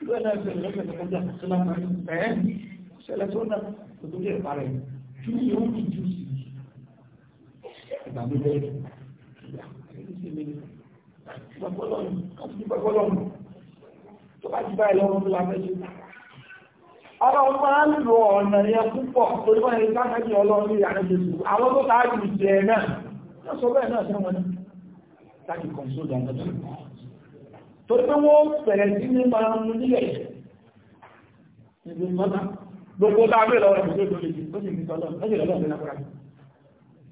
ìlú ẹ̀ náà ṣẹlẹ̀ lọ́sẹ̀ tó kọjá sí lápá ẹ̀ ṣẹlẹ̀ tó náà kò tó lè parẹ́ kí ni ó ní jù sí ìgbàgbé bẹ́ẹ̀ gbàgbọ́ lọ́nù tó bá ti báyìí lọ́wọ́ tó la ọlọ́run máa ń lo ọ̀nà yẹn púpọ̀ torí wọ́n yẹn ọlọ́run ní àrẹ jésù àwọn tó sáájú ìjẹ náà yóò sọ bẹ́ẹ̀ náà sẹ́wọ̀n náà láti kọ̀ǹsó dáadáa torí pé wọ́n bẹ̀rẹ̀ sí ní máa ń nílẹ̀ ìgbìmọ̀ta gbogbo tá a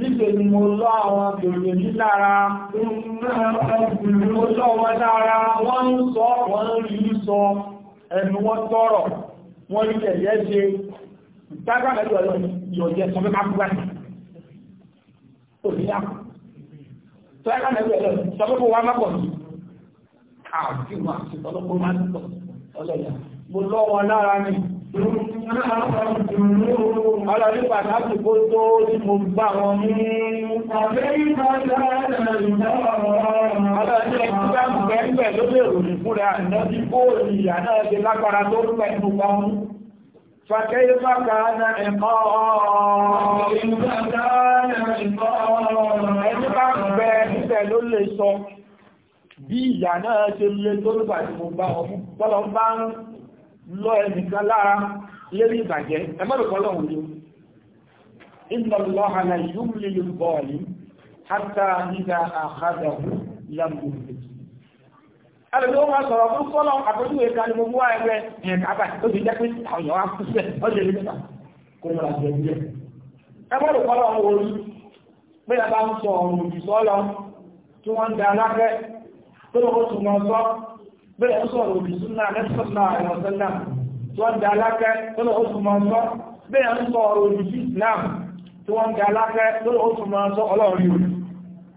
níṣẹ́ ni mo lọ àwọn agbèrè ní lára mo lọ wọn lára wọ́n ń sọ wọ́n ń rí sọ ẹnu wọn tọrọ wọ́n rí tẹ̀lẹ́ ṣe tágbàgbàjú ọ̀yọ́ ìyọ̀jẹ́ sọ pé má gbà ní Ọlá ní pàtàkì kó tó tí mo gbà wọn ní ọlá ní ẹgbẹ́ gbẹ̀gbẹ̀ ló lè ròyìn fún rẹ̀ àná tí kó ìyà náà ti lágbára tó rú pẹ̀lú wọn. Fàkẹ́yé fàkà náà ẹ̀kọ́ ọ̀rọ̀ ẹni bá gbẹ̀ níbẹ̀ ló lè sọ bí ìyà náà ṣe lè tó rú pẹ̀lú wọn. Bọ́lọ̀ bá ń lọ ẹnìkan lára lérí ìbàjẹ́ ẹgbẹ́rùkọ́ lọ́wọ́ ni inna Allaha la yumli al-zalim hatta idha akhadahu lam yughliq ẹlẹ́gbẹ́ wọn sọ̀rọ̀ fún kọ́lọ̀ àpójúwé ká ní gbogbo ẹgbẹ́ ẹ̀kábà tó fi jẹ́ pé àwọn èèyàn wá kú sẹ́ ọjọ́ ilé mẹ́ta kó lọ́la jẹ́ jẹ́ ẹgbẹ́rù kọ́lọ̀ wọn orí pé ẹ̀bá ń sọ ọ̀rùn ìsọ́lọ tí wọ́n ń da aláfẹ́ tó lọ́wọ́ tún mọ́ sọ́ bẹ́ẹ̀ ó sọ̀rọ̀ òbìsúnà lẹ́sọ̀nà àìwọ̀sánà tí wọ́n dá alákẹ́ tọ́lọ̀ ó máa sọ bẹ́ẹ̀ ń sọ̀rọ̀ òbìsí Islam tí wọ́n dá alákẹ́ tọ́lọ̀ ó máa sọ ọlọ́rí orí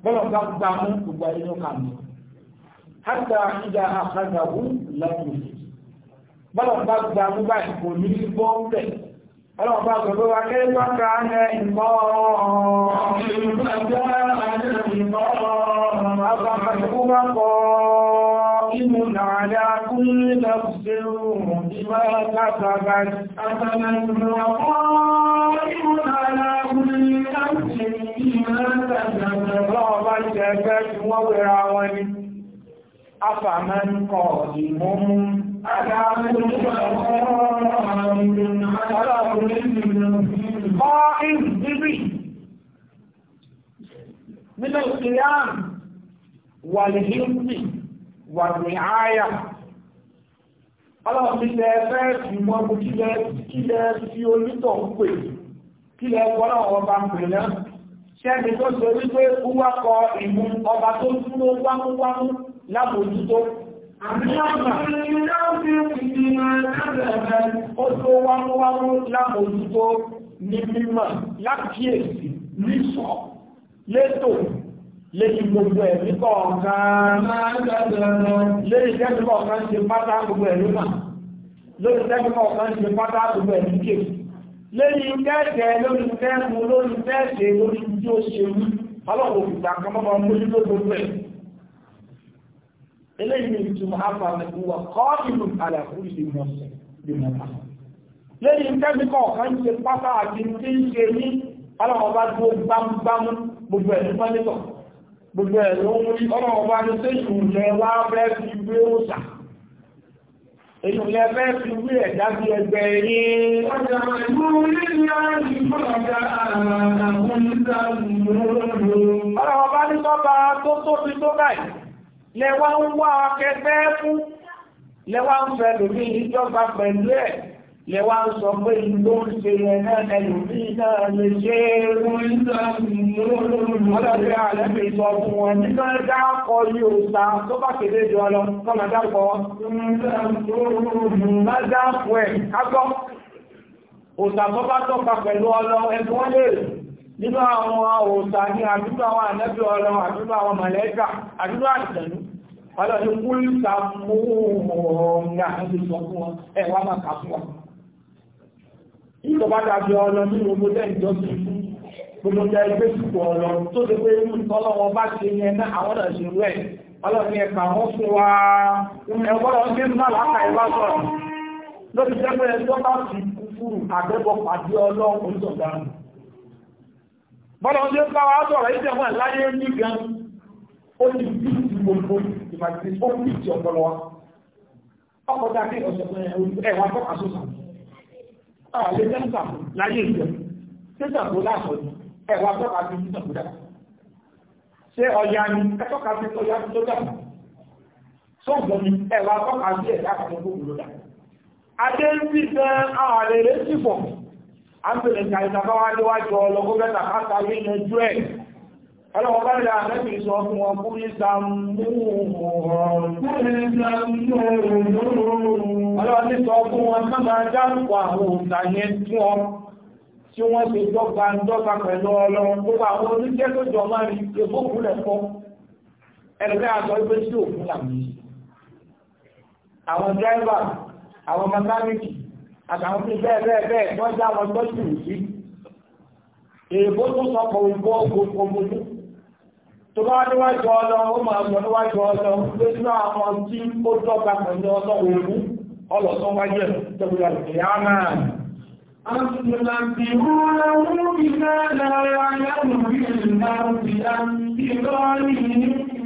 bọ́lọ̀ bá gbà ọ̀rọ̀ على كل نفس بما كسبت أفمن هو قائم على كل نفس بما كسبت ووجدت ووعون أفمن قائم على كل نفس قائم به من القيام والهمس wà ní àyà aláwọ̀sílẹ̀ ẹgbẹ́ ìmọ̀ ọmọ kílẹ̀ kílẹ̀ fi olítọ̀ ń pè kílẹ̀ ẹgbọ́nà ọba pè náà ṣẹ́ni tó ṣe wípé wúwákọ ìmú ọba tó dúró wámúwámú lábòjútó ó tó wámúwámú lábòjútó ní mímọ̀ lápíèsì nísọ̀ létò lẹ́yìn gbogbo ẹ̀mí kọ̀ọ̀kan lẹ́yìn tẹ́lẹ̀ kọ̀ọ̀kan ṣe pátá gbogbo ẹ̀mí mà lórí tẹ́lẹ̀ kọ̀ọ̀kan ṣe pátá gbogbo ẹ̀mí kè lẹ́yìn tẹ́ẹ̀kẹ́ lórí tẹ́ẹ̀kù lórí tẹ́ẹ̀kẹ́ lórí tí ó ṣe wí ọlọ́wọ́ ìgbà kan mọ́mọ́ mójú ló gbogbo ẹ̀ eléyìí ìtumọ̀ afàmẹ́kúwà kọ́ọ̀kìlù àlàkùn ìdìmọ̀sẹ̀ ìdìmọ̀ta lẹ́yìn tẹ́lẹ̀ kọ̀ọ̀kan ṣe pátá àti tí ń ṣe ní ọlọ́wọ́ bá dúró gbámgbámú gbogbo ẹ̀mí pálítọ̀ gbogbo ẹ̀ ló ń rí ọmọ ọba ní sẹ́yìn ilẹ̀ wá fẹ́ fi wé òòsà èyí ilẹ̀ fẹ́ fi wé ẹ̀dá bí ẹgbẹ́ yín. ọjà ìlú nílùú àti ìfọ̀dà àwọn ìdánilóró. ọmọ ọba ní sọ́ba tó tóbi tó báyìí lẹ́wà ń wá akẹgbẹ́ fún lẹ́wà ń fẹ́ lòmí ìjọba pẹ̀lú ẹ̀ lẹ́wà ń sọ pé ló ń ṣe ẹ̀nà ẹlùmí náà lè ṣe ọlọ́dẹ̀ alẹ́bẹ̀ sọ fún wọn nígbà dákọ̀ yóò sa tó bá kéde jọ lọ kọ́nà dákọ̀ má dákọ̀ ẹ̀ kágbọ́ òsà tó bá tọ́pa pẹ̀lú ọlọ ẹgbẹ́ wọn lè nínú àwọn òsà ní àdúgbò àwọn ànẹ́bí ọlọ àdúgbò àwọn màlẹ́kà àdúgbò àtẹ̀lú ọlọ́dẹ̀ kúlù sàmúhùn ọ̀rọ̀ ọ̀rọ̀ ẹ̀wà máa kà fún wọn ìtọ̀ bá ọlọ ní gbogbo lẹ́yìn tó gbogbo jẹ́ ẹgbẹ́ sùpọ̀ ọlọ tó ti pé irú tọ́lọ́wọ́ bá ṣe yẹn náà àwọn náà rẹ̀ ọlọ́ni ẹ̀ka wọn fún wa ẹ̀wọ́lọ́ ní mọ́ láta ìwá sọ̀rọ̀ lórí jẹ́ pé ẹjọ́ bá fi kúfúrù àgbẹ́bọ̀ pàdé ọlọ́run oníṣọ̀gbà bọ́lá ọdún bá wa sọ̀rọ̀ ìjẹ̀wọ̀n láyé ní gan ó ti bí ti gbogbo ìmàtí ó bí ti àlè tẹ́ńtà láyé ìjọ tẹ́ńtà tó láàpọ̀ ní ẹ̀wà tọ́ka sí tẹ́ńtà tó ṣé ọya ni ẹ̀tọ́ka sí ọya tó dà sọ́gbọ́n ni ẹ̀wà tọ́ka sí ẹ̀dá kan tó wúlò adé ń fẹ́ ààrẹ sí níwájú Ọlọ́wọ́ bá rẹ̀ àmẹ́bì sọ fún wọn kú ní sàmúhùn Ọlọ́wọ́ ní sọ fún wọn má máa dárúkọ àwọn òǹtàyẹ tí wọn tí wọ́n ṣe dọ́gba dọ́gba pẹ̀lú ọlọ́run gbogbo àwọn oníṣẹ́ tó jọ máa rí tó bá níwájú ọlọ ó máa lọ níwájú ọlọ lójú àwọn tí ó dọ́gba pẹ̀lú ọlọ òru ọlọ́tọ́ wájú ẹ̀ tẹ́gbẹ̀rẹ̀ àgbẹ̀yà náà Àtìlàntìrúnlẹ́wọ́n ìgbẹ́ lára yàmù ìrìnà ti àti ìrọ́lì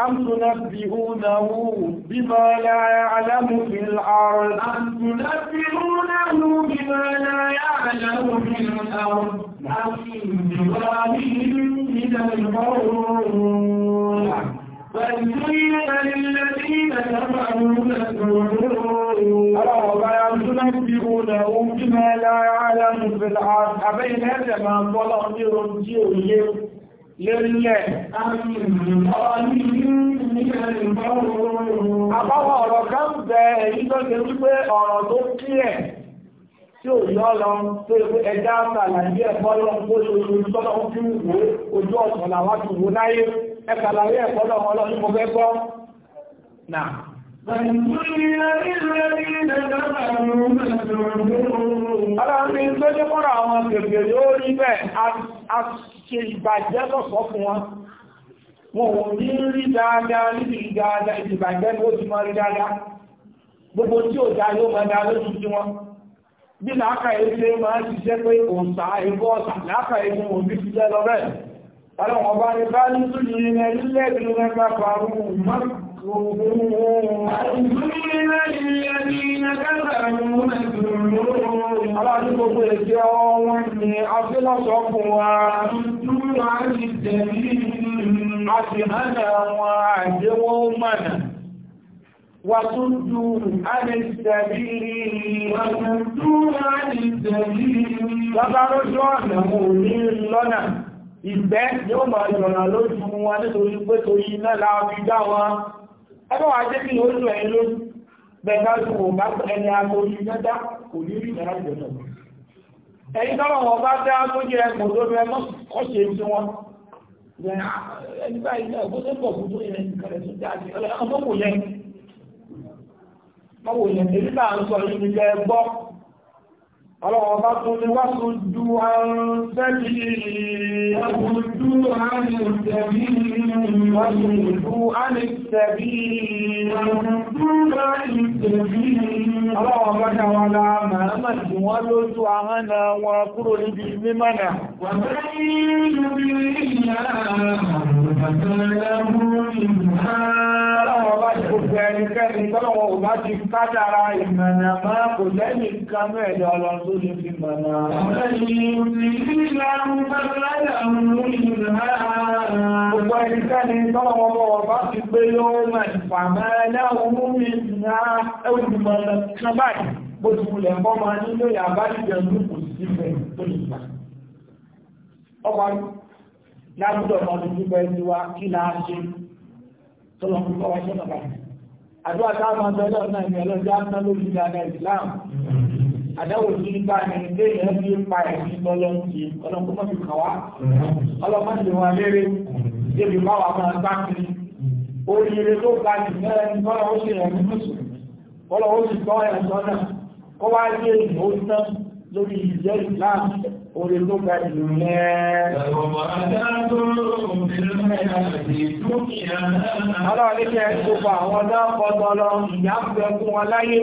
أم تنبئونه بما لا يعلم في الأرض أم تنبئونه بما لا يعلم في الأرض أم بوالهم بما لا بل زين للذين كفروا تسرون أم تنبئونه بما لا يعلم في الأرض أبين هذا ما ظلم إِلَيْهِ lórílẹ̀ ọ̀rọ̀ kan bẹ èyí tó ṣe wípé ọ̀rọ̀ tó kí ẹ̀ tí ò yọ́ lọ tó ṣe ẹja ṣàlàyé ẹ̀kọ́ lọ kó ṣoṣo ojú ọ̀sán làwọn ti wò láyé ẹ̀kàlàyé ẹ̀kọ́ lọ́wọ́ lọ́wọ́ Aláàrin tó jẹ́ fọ́nà àwọn gẹ̀gẹ̀ lórí bẹ́ẹ̀ a ṣe ìbàjẹ́ lọ́sọ́ fún wọn. Wọ́n wọ́n ní rí dáadáa níbi ní ó ti máa rí dáadáa. Gbogbo tí ó dá yóò máa lójú sí wọn. Bí láàkà ilé máa ti jẹ́ pé òǹsà ẹgbọ́ ọ̀sà láàkà ilé ti jẹ́ lọ bẹ́ẹ̀. Ọlọ́run ọba ni bá ní Aláàrín gbogbo ẹ̀jẹ́ ọwọ́n ni a ìgbẹ́ yóò máa yọ̀nà lójú wọn nítorí pé torí ẹgbẹ́ wa jẹ́ kí ló lù ẹ lójú bẹ̀ẹ̀ká ju òǹbá ẹni agbóyí mẹ́ta kò ní rí ìdára ìjọba ẹ̀yìn tọ́lọ̀ wọn bá dá tó jẹ́ ẹ̀kọ́ tó rẹ mọ́ kọ́ṣe tí wọ́n ẹni báyìí náà kó tó pọ̀ fún tó yẹ ìkàlẹ̀ tó jáde ọmọ kò yẹ ọmọ yẹ èyí là ń sọ yìí nílẹ̀ gbọ́ ọlọ́wọ́ bá tún ní wá tún ju àrùn sẹ́bí wá tún ju àrùn sẹ́bí wá tún ju àrùn السبيل Ọlọ́wọ̀n bá ṣe wọn la màámà tí wọ́n ló tó àhánà wọn kúrò níbi mímọ̀nà. Wọ́n bá ní ìlú bí ìyá Ọlọ́wọ̀n bá ṣe gbogbo ẹnikẹ́ni tọ́lọ́wọ̀n ò bá ti kádàrà ìmọ̀nà máa kò lẹ́nì kan mẹ́ẹ̀dọ̀ ọlọ́run tó lè fi mọ̀nà. Gbogbo ẹnikẹ́ni tọ́lọ́wọ̀n bá ti gbé yó yawman fàmà láwọn mìíràn ẹ̀wùmọ̀ na báyìí bó ti wulẹ̀ kọ́ máa nílò yàrá ìjẹun kò sí fẹ́ tó lè gbà. ọkọ̀ lábúdọ̀ máa ti dúpẹ́ sí wa kí náà ṣe báyìí. àdúrà táwọn ọmọ náà ní lórí àdáwò tí ń bá ní ilé ń pa ẹ̀sìn ti oríire tó ga jù mẹ́rẹ̀ ní bọ́lá ó ṣe ẹ̀mí mùsùlùmí bọ́lá ó sì tọ́ ẹ̀ sọ́nà kó wá ní èyí lórí ìjẹ́ islam orí tó ga jù mẹ́rẹ̀. ọlọ́run àwọn ọ̀dọ́ ọ̀pọ̀ ìyá ń wọn láyé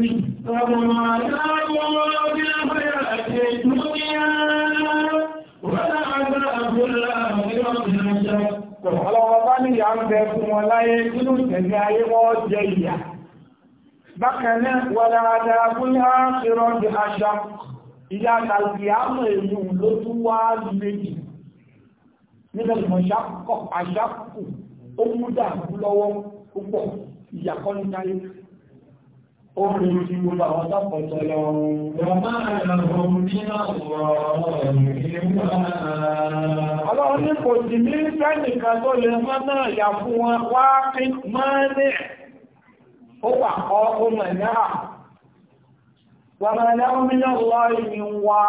ní. ọmọ aláwọ̀ ọdún ẹgbẹ́ àti ìlú ọlọ́wọ́ bá ní ìyà ń bẹ fún wọn láyé nínú ìtẹ̀lé ayé wọ́n jẹ ìyà bákanáà wọ́lá adágúnlá ṣírọ́ di aṣá ìyà tàbí àmọ́ èlú ló tún wá méjì nítorí mọ̀ ṣàkù ó mú dàbú lọ́wọ́ púpọ̀ ìyàkọ́ nítáyé Obìnrin ti gbogbo àwọn sápọ̀tọ̀ lọ wọ́n máa ẹ̀lọ́rùn nínú àwọn ọlọ́run ní kò sí ní fẹ́nìkan tó lè mọ́ náà yà fún wọn wá kí máa ní ó wà kọ́ ó mọ̀ náà. Wọ́n máa lẹ́rùn mílọ̀ lọ ìrìn wá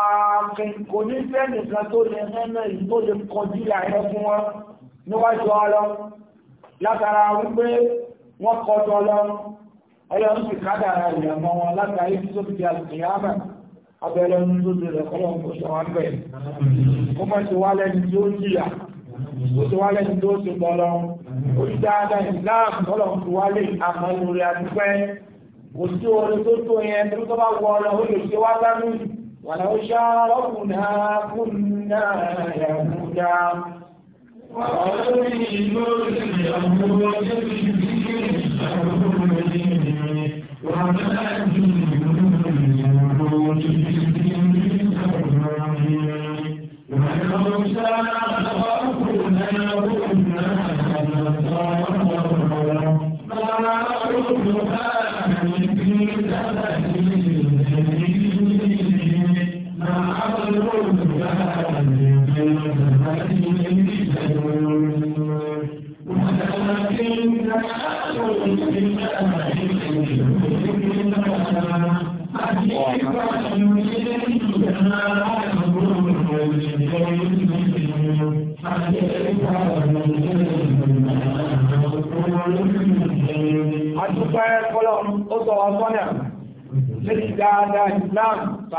kí kò ní fẹ́nìkan tó lè mọ́ náà yìí tó lè kọjú láyé fún wọn níwájú ọlọ́run látara wípé wọ́n kọjú ọlọ́run ọlọ́run ti kádàrà ìyàmọ́ wọn látàrí tó fi àtìyàmà abẹ́rẹ́ ń tó ti rẹ̀ kọ́lọ̀ kó ṣe wá bẹ̀. ó mọ̀ sí wá lẹ́ni tí jìyà ó ti wá lẹ́ni tó ti bọ́lọ́ ó ti dáadáa islam kọ́lọ̀ ti wá lè àmọ́ lórí àdúpẹ́ kò sí orin tó tó yẹn tó tó bá wọ ọ̀nà ó wá dánú wàlá ó ṣá ọkùnrin kúnnà yàgùdà. Wàhálà ìlú ìyàwó ọjọ́ ìdíje ìyàwó وما هم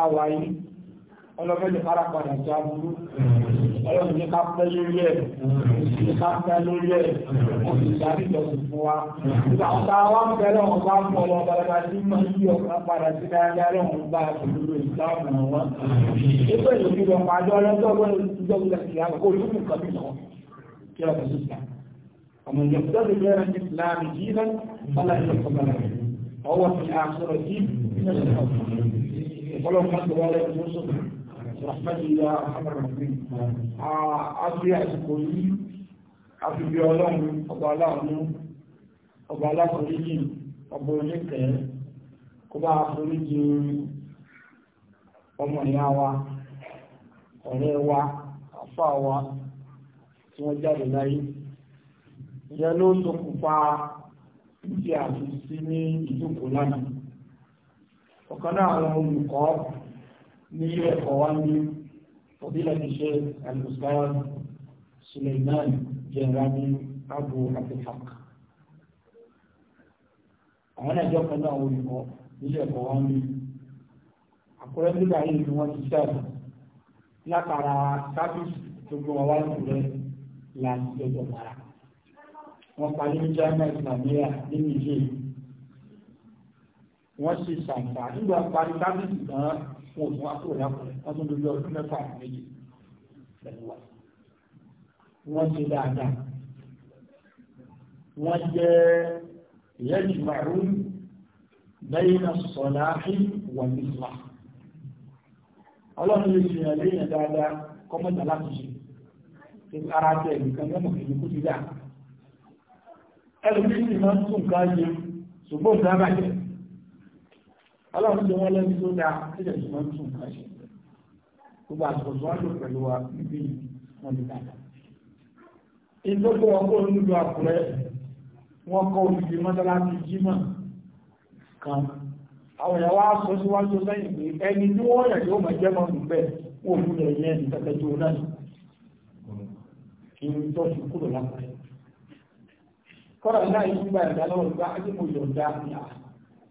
ta wà yìí ọlọ́fẹ́ lè fara padà sí aburú ọlọ́run ní ká pẹ́ lórí ẹ̀ ní ká pẹ́ lórí ẹ̀ ọ̀sùn ìdarí ìjọsìn fún wa nígbà tá a wá ń bẹ lọ́wọ́ bá ń bọ̀ lọ́wọ́ bàbá tí mo ń yí ọ̀gá padà sí dáadáa lọ́wọ́ bá a pẹ̀lú lórí ìsìláàmù wọn. ètò ìlú lọ pàdé ọlọ́jọ́ wọn ìjọba ilẹ̀ ìsìláàmù kó lókù kan bí lọ kí ọ̀sùn ìsìláàmù ọmọ ìjọba ìjọba ìjọba ìjọba ìjọba ولو كان ذلك يوسف رحمته يا ارحم الراحمين àti àsìkò yìí àti bí ọlọ́run ọba aláàánú ọba aláforíjì ọba oníkẹ́ kó bá foríjì ọmọ ìyá wa ọ̀rẹ́ wa àfà wa tí wọ́n jáde láyé ìyẹn ló ṣokùnfà ìdí àti sí ní ìjókòó lánàá ọ̀kan náà àwọn olùkọ́ ní ilé ẹ̀kọ́ wa ní fòbílẹ̀ ti ṣe alùsùláwọ́n Suleiman Jẹ̀rani Abu Abdulhaq àwọn náà jẹ́ ọ̀kan náà àwọn olùkọ́ ní ilé ẹ̀kọ́ wa ní àkúrẹ́ nígbà yìí ni wọ́n ti sẹ́ẹ̀ látara sábìsì tó gbọ́ wá ìkúrẹ́ láti ẹjọ́ mara wọ́n parí ní Jamiu Islamiyya ní Nìjẹ́yìí wọ́n ṣe ṣàǹfà nígbà parí tábìlì kan wọn ò tún wá kúrò lápẹ̀rẹ̀ wọ́n tún lórí ọdún mẹ́fà àti méjì pẹ̀lú wa. wọ́n ṣe dáadáa wọ́n jẹ́ ìyẹ́nì màrún lẹ́yìn sọ̀lá wà nípa. ọlọ́run lè ṣe ìrìnàlẹ́yìn dáadáa kọ́mọ́tà láti ṣe ara tẹ nìkan lọ́mọ̀ ìlú kú dà. ẹlòmíì sì máa ń tún nǹkan ṣe ṣùgbọ́n nǹkan bàjẹ́ ọlọ́run ló wọ́n lẹ́nu tó dáa sílẹ̀ tó wọ́n tún nǹkan ṣe gbogbo àtúntò tó wọ́n lò pẹ̀lú wa níbí wọn lè dáadáa. ìdókò ọkọ̀ onílù àkùrẹ́ wọn kọ́ olùdí mọ́tàláṣí jímọ̀ kan àwọn èèyàn wá sọ síwájú lẹ́yìn pé ẹni tí wọ́n yẹ̀ yóò máa jẹ́ mọ́ nígbẹ́ wọn ò múlẹ̀ yẹn ní tẹ́tẹ́ tó náà kí n tọ́ sí kúrò lápẹ́. kọ́ra náà yìí gbà ìdálọ́wọ́ gbá ájúmọ̀ yọ̀ọ̀dá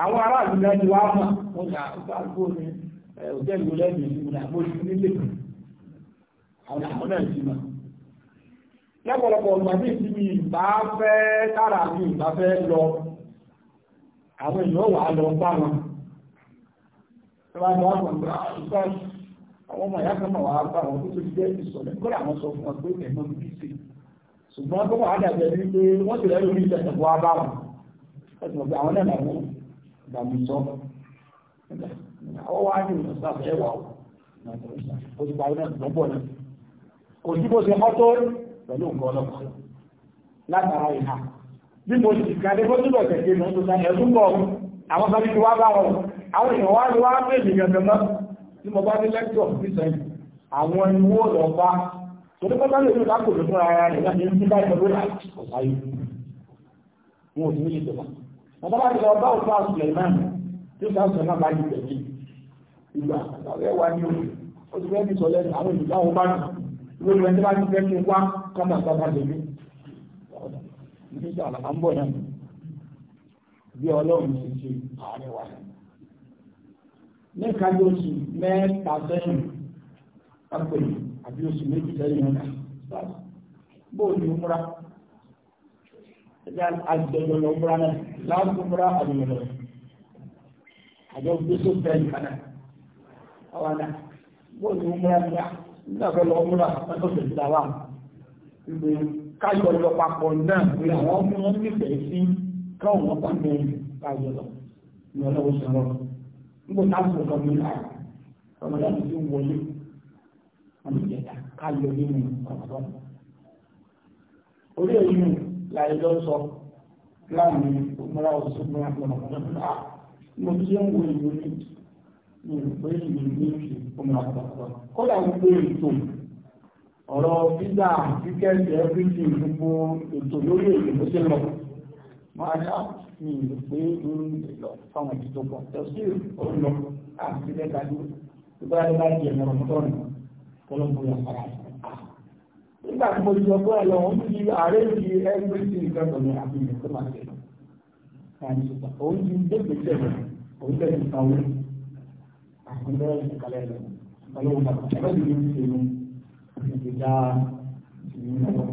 àwọn ará náà wá mọ̀ ní àkókò ah, àgbo eh, ní òtẹ́ẹ̀lì olóògbé ìlú náà ti nílé àwọn àwọn náà ti mọ̀ lọ́pọ̀lọpọ̀ ọ̀gbàdì tí mi ìbá fẹ́ kára mi ìbá fẹ́ lọ àwọn èèyàn wà lọ bá wọn tó lọ àwọn ah, àwọn ọmọ gbàgbé sọ ọwọ́ ayé ẹwà o àwọn sáré wá bá wá ló pè mí gangan tí mo bá ní lẹ́kítọ̀ nísẹ̀ àwọn ẹni wó lọ bá torí pátá lè ní ìdákòlò fún ara rẹ̀ láti ní bá ìtọ́jú láti ọ̀sáyé wọn ò ní ìjọba bàbá bá ti lọ bá òfin àṣùlẹ̀ náà tí òfin àṣùlẹ̀ náà bá yìí tẹ̀lé ìgbà àtàwé wa ní òfin ó ti fẹ́ bí sọ lẹ́nu àwọn ìlú táwọn bá nù lórí ẹni bá ti fẹ́ kí wá kọ́mà sábà lèmi ní ìjà àlàmà ń bọ̀ náà bí ọlọ́run ti ṣe àárẹ̀ wa ní ìkájọ oṣù mẹ́ta sẹ́yìn pápẹ́ àbí oṣù méjì sẹ́yìn náà bóòlù múra àjọyọ̀ ọ̀bùra náà láàbù búra àjọyọ̀ àjọ gbèsè bẹ́ẹ̀ kan náà àwọn àná bóyá ní ọmọ ẹgbẹ́ nígbà tó lọ múra lọ́tọ̀ tẹ̀sí àwa ìgbè káyọ̀ lọ papọ̀ ni pé àwọn ọmọ wọn nífẹ̀ẹ́ sí káwọn ọmọ pàmò káyọ̀ lọ ní ọlọ́wọ́ sọ̀rọ̀ nígbà táwọn ọmọ mi là ọmọdé àti tí ń wọlé wọn ti jẹta káyọ̀ nínú ọ̀rọ̀ orí ẹ̀yìn láìjọ́ sọ láàrin òmìnira òṣìṣẹ́ ọmọkùnrin mo ti ń wo ìlú ní ìrùpé ìlú ní ìfi ọmọkùnrin kódà gbogbo ètò ọ̀rọ̀ visa tíkẹ́ẹ̀tì everything gbogbo ètò lórí èdè ló ṣe lọ máa dá ní ìlú ah, pé ó ń lọ fáwọn ètò pọ̀ tẹ̀sí ó lọ àti lẹ́ka dúró ìgbàlódé bá jẹ́ ẹ̀rọ mọ́tọ́rùn-ún kọlọ́mù nígbà tí mo ti sọ fún ẹ lọ òun ti ààrẹ ti ẹgbẹ́ sí ìgbàgbọ́ ní àbíyẹ tó máa ṣe òun ti dẹ́gbẹ̀ẹ́ tẹ̀lé òun tẹ̀lé sanwó àkùnbẹ́rẹ́ ìkàlẹ̀ rẹ̀ ọlọ́run bàbá ẹgbẹ́ mi ti ṣe mú ìdè dá ìlú lọ.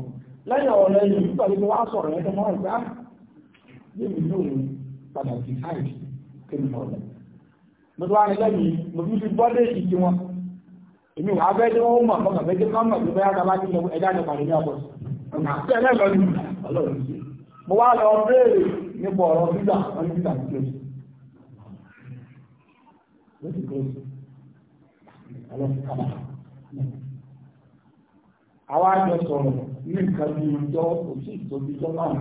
lẹ́yìn ọ̀rẹ́ yìí nígbà tí wọ́n á sọ̀rọ̀ ẹ̀ tó máa gbá ah, yémi yóò padà sí káyì kéwì ọ̀rẹ́ mo ti wá ní lẹ́yìn mo fi bọ́dé ìdí wọn èmi wà abẹ́ tí wọ́n mọ̀ fún àbẹ́jẹ́ kan mọ̀ pé bẹ́ẹ̀ bá ti lọ ẹja ní pàdé ní ọ̀pọ̀ mo wá lọ béèrè nípa ọ̀rọ̀ visa wọn ní visa ti àwọn àjọ sọ̀rọ̀ ní nǹkan bí ìjọ òsì ìtòbí tó máa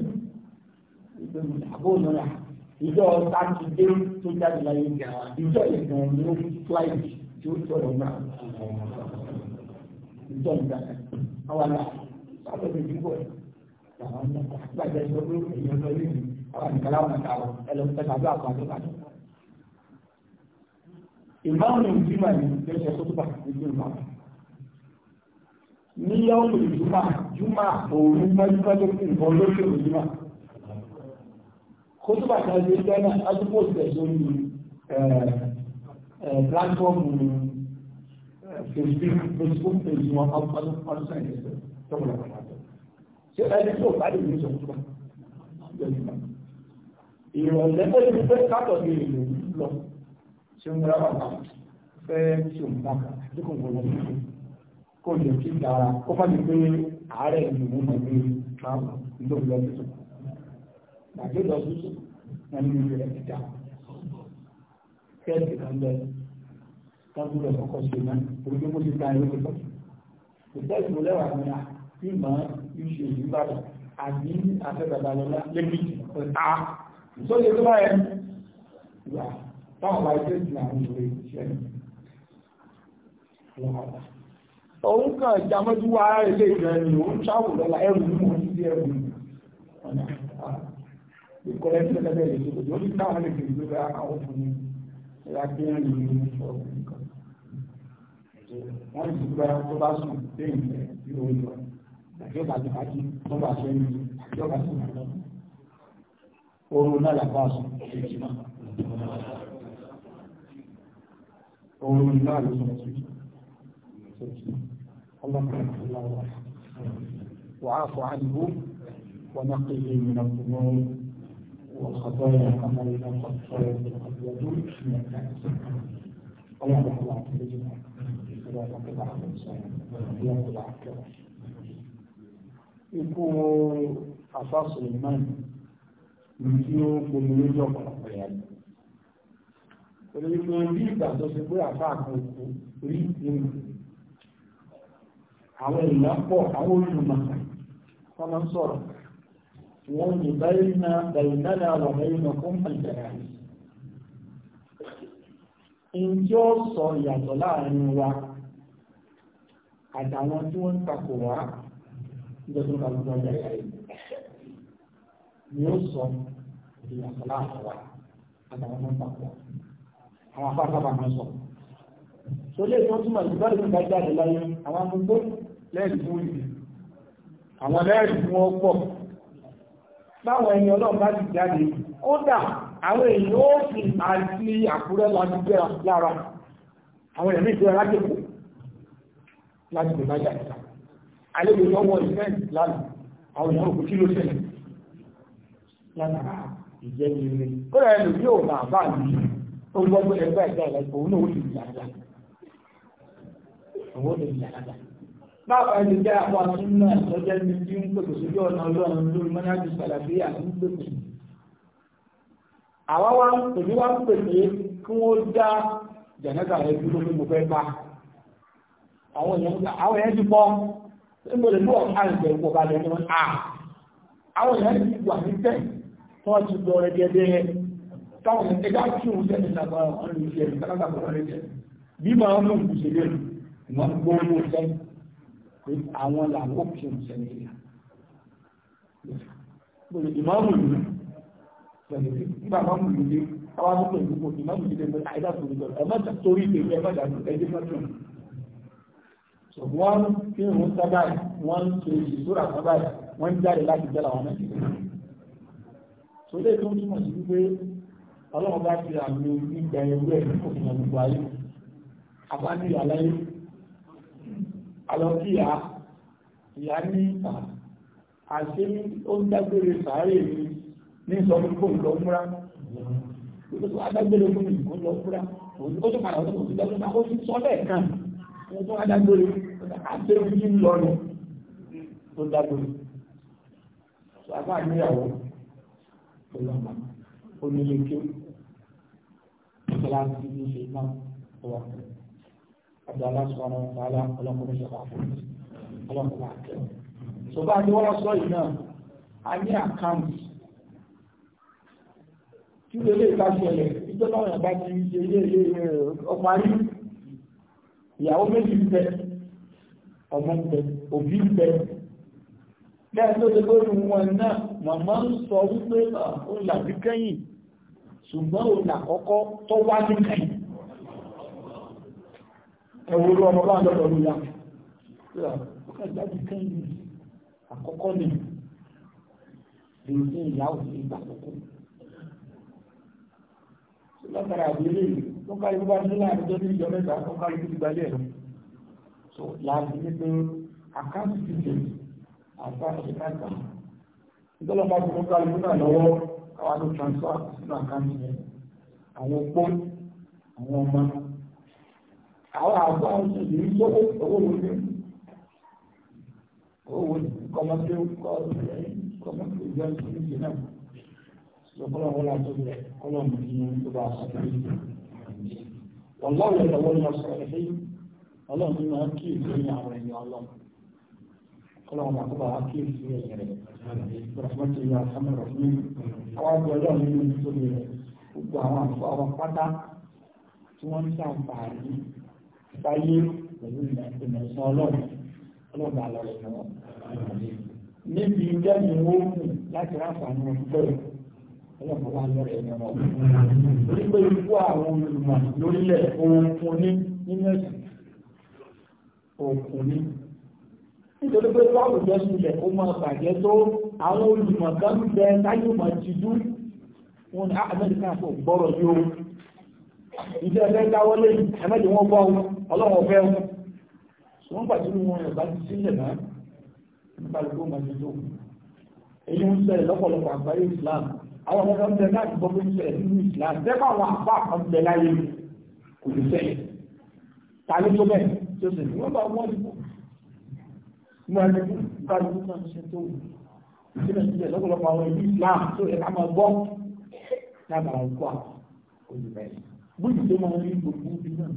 ń àbónúra ìjọ sátidé tó jáde láyé ìjọ ìgbọ̀n ló fúláìtì tí ó tọ̀ lọ́nà ìjọ ìgbà àwọn àlà sábà ní ìdúgbò ẹ̀ làwọn ọmọ àgbàjẹ́ sọ pé èèyàn lọ rí àwọn àgbàlá wọn kà ọ ẹ lọ fẹ́ tàbí àpò àti pàtó. ìmáwọn ìdúmọ̀ ni ló ṣe tó bá nínú ìmáwọn. ní yọ́ọ̀lù ìdúmọ̀ júmọ̀ òru mọ́júmọ́ tó kù nǹkan lóṣù ìdúmọ̀. kótópà kan ṣe jẹ́ náà adúgbò tẹ̀ sórí ẹ̀ẹ́ Eh, platform eh, facebook facebook page wọn ọdún sáyẹn ẹsẹ tọmọlá kan àtọ ṣé ẹni tó bá lè ní ìṣòro tó bá ìrọ̀lẹ́ ó lè fẹ́ sátọ̀ ní ìlú lọ ṣé ń rárá wà fẹ́ ṣe ń bá tí kò gbọdọ̀ ní ìlú kò lè fi dára kó fà mí pé ààrẹ ìlú mú mọ̀ ní ìlú lọ́wọ́ ìlú lọ́wọ́ ìlú lọ́wọ́ ìlú lọ́wọ́ ìlú lọ́wọ́ ìlú lọ́wọ́ kẹ́ẹ̀sì kan bẹ́ẹ̀ kábúrò kọ́kọ́ ṣe náà ojú mo ti ta ẹ̀rọ tó tọ́jú. ìtẹ́sí mo lẹ́wà ní à tí màá yóò ṣe ìlú bàbà àbí afẹ́bàbà lọ́lá lẹ́bí ọ̀tá ìsọ́jú tó bá yẹn wà táwọn bá ṣe ìsìn àwọn ìwé ìṣẹ́ òun kàn jàmọ́jú wa ilé ìrẹ́ni òun ṣáàwò lọ́la ẹrù ní mo ti di ẹrù ọ̀nà ìkọlẹ́sílẹ̀ lẹ́bẹ̀ẹ́ lè ṣe òjò ní táwọn lè fi ìgbéga àwọn fún mi lábẹ́rin wọ́n ti gba tó bá sùn lẹ́yìn rẹ̀ bí ó lọ àjọba àjọbájú tó bá sọ ní àjọba sí ìrànlọ́ oorun náà làbá sùn èjì náà oorun náà ló sọ sí ọlọ́pàá ìlú wa wàá fọ àdúgbò wọn náà kéde ìrìnàjò náà وخطايا عملنا قد صارت الأبيض في مكان ولا نحن عتبنا ولا نقل عن ولا نقل عن Ikú Afásù Imán ní tí ó gbomi lójú ọ̀pọ̀lọpọ̀ ìyàgbẹ́. Torí pé bí ìgbà tó ṣe pé àfáà kan kú rí nínú àwọn èèyàn pọ̀ àwọn olùmọ̀ wọ́n máa ń sọ̀rọ̀ wọ́n ní bẹ́ẹ̀nà bẹ̀ẹ̀nà wà bẹ́ẹ̀nà fún ìjẹ̀rẹ̀ àyè. Ìjọ sọ ìyàtọ̀ láàrin wa àtàwọn tí wọ́n ń takò wá ìjọsìn kàlùkọ́ ìjẹ̀rẹ̀ àyè. Ni ó sọ ìyàtọ̀ láàrin wa àtàwọn tí wọ́n ń takò wá. Àwọn afáfáfá máa sọ. Sọlé ìtọ́ túmọ̀ ìgbà ìgbà jáde láyé àwọn amúgbó lẹ́ẹ̀dì fún ìdì. Àwọn lẹ́ẹ̀dì fún ọgbọ́n báwọn ẹni ọlọ́run bá ti jáde kódà àwọn èèyàn ó fi àti àkúrẹ́ láti gbéra lára àwọn ẹ̀mí ìgbéra láti kù láti lè bájà ìta àlejò lọ́wọ́ ìfẹ́ lálù àwọn èèyàn òkú kí ló ṣẹlẹ̀ látara ìjẹni rẹ kódà ẹni tí ò bá bá mi ó gbọ́ pé ẹgbẹ́ ìjà ìlẹ́kọ̀ọ́ òun náà ó lè yàrá òun ó lè yàrá báwa ẹni jẹ́ àpò àtúnná lọ́jọ́ ní bí ń pèsè sójú ọ̀nà ọlọ́run lórí mọ́nájú sàlàfíà ń pèsè. àwa wá ń pèsè wá ń pèsè kí wọ́n dá jẹ̀nẹ́ta rẹ̀ dúró pé mo fẹ́ pa. àwọn èèyàn àwọn èèyàn ti pọ́ níbo lè lọ́ọ̀ àìsàn ìpò balẹ̀ ni wọ́n à. àwọn èèyàn ti wà ní tẹ̀ tí wọ́n ti lọ rẹ̀gẹ́dẹ́ táwọn ẹgbẹ́ tí òun jẹ́ nígbàgbọ́ ọ̀rẹ́ ìṣẹ̀lẹ̀ pé àwọn làwọn kí n sẹ́ni ìyá gbogbo ìmáàmù yìí pẹ̀lú nígbà máàmù yìí ní àwọn akókò ìdúgbò ìmáàmù yìí lẹ́gbẹ̀ẹ́ àìdá torí tọ̀rọ̀ ẹ má jà torí ìpè ẹ má jà ẹjẹ́ mọ́tò so wọ́n fi hùn sábàì wọ́n ṣe ìṣúra sábàì wọ́n jáde láti jẹ́ làwọn mẹ́tìrì so lè tó túmọ̀ sí wípé ọlọ́run bá fi àmì gbígbà ẹgbẹ́ òfin àlọ́kíyà ìyá ní ìta àṣẹ ó ń dágbére sàárè mi ní ìsọfúnpọ̀ ìlọ́múra adágbére fún ìgbó lọ́múra ó tó padà ọdún òsì lọ́múra ó ti sọ lẹ́ẹ̀kan ó tó adágbére àṣẹ ó yí lọ́nu tó dágbére sàbá níyàwó ìlọ́mà onílé kí ó ti láti ní ṣe náà wà fún àti aláṣọ́nà ọ̀tàlá ọlọ́kùnrin ṣọ̀rọ̀ àfọ́nìtì ọlọ́kùnrin àkẹ́ tó bá ní wọ́n sọ yìí náà a ní àkáǹtì kí ló lè ká ṣẹlẹ̀ ìjọ náà yàgbá ti ṣe ilé ilé ọparí ìyàwó méjì ń bẹ ọmọ ń bẹ òbí ń bẹ bẹ́ẹ̀ tó lè lórí wọn náà màmá ń sọ wípé ah, ó làbí kẹ́yìn ṣùgbọ́n ó làkọ́kọ́ tó wá ní kẹ́yìn ẹ̀wòrò ọmọ bá ń lọ́dọ̀ ló yá ọkàjáde kẹ́yìn àkọ́kọ́ ni lèyìn ìyàwó sí ìgbà àkọ́kọ́ látara àgbélé tó kárí bó bá ní láàrin tó ní ìjọ mẹ́ta tó kárí tó ti gbalẹ̀ lọ so láti ní pé àkáǹtì ti dè àfa ìṣẹ́káǹtà nítorí ọmọ àgbélé kárí tó náà lọ́wọ́ káwá ló transfer sínú àkáǹtì yẹn àwọn opó àwọn ọmọ náà àwọn àgbà òṣèlú ní lówó owó wo ni owó wo ni kọmọdé kọ kọmọdé ìjọ ìṣẹ̀lẹ̀ ìṣẹ̀lẹ̀ náà lọkọlọ wọn la tó bẹ kọlọ mi ní tó bá sọ pé wọn lọ wọlé wọn lọ sọ ẹ lẹ́yìn Ọlọ́run ní wọn kí èso ní àwọn ẹ̀yìn Ọlọ́run kọlọ wọn kó bá wọn kí èso ní ẹ̀yìn rẹ rọfọ ti yọ àtàmì rọfọ mi àwọn àgbẹ Ọlọ́run nínú tó bẹ gbogbo àwọn àfọwọ́ pátá tí wọ́n ń sàǹfààní sáyé pẹ̀lú ìmọ̀sán ọlọ́run ọlọ́run àlọ́ rẹ̀ náà. níbi ni, wó kù láti ráǹfààní ọdúpẹ́ ọlọ́run wà lọ rẹ̀ náà. orí pé ikú àwọn olùmọ̀ lórílẹ̀ òkun ní nínú ẹ̀sìn òkun ní. nítorí pé báwo jẹ́ sílẹ̀ ó máa bàjẹ́ tó àwọn olùmọ̀ kan bẹ táyé mọ̀ ti dú wọn ní ah, amẹ́ríkà kò gbọ́rọ̀ yóò ìdí ẹgbẹ́ dáwọ́lé ẹmẹ́jì wọ́n gbọ́ ohun ọlọ́run ọ̀fẹ́ ohun ṣùgbọ́n pàtó wọn ẹ̀bá ti sílẹ̀ náà nípa ìgbó màtí tó èyí ń ṣẹlẹ̀ lọ́pọ̀lọpọ̀ àgbáyé Islam àwọn ọmọ ọmọ náà ti gbọ́ pé ń Islam dẹ́gbà àwọn àpá kan bẹ kò ní ṣẹlẹ̀ ta ló tó bẹ́ẹ̀ tó sì ní wọ́n bá wọ́n ní wọ́n ní bá ní wọ́n ṣe tó ìṣẹ̀lẹ̀ sílẹ̀ lọ́pọ̀lọpọ̀ àwọn ìlú bóyí tó máa rí gbogbo ibi náà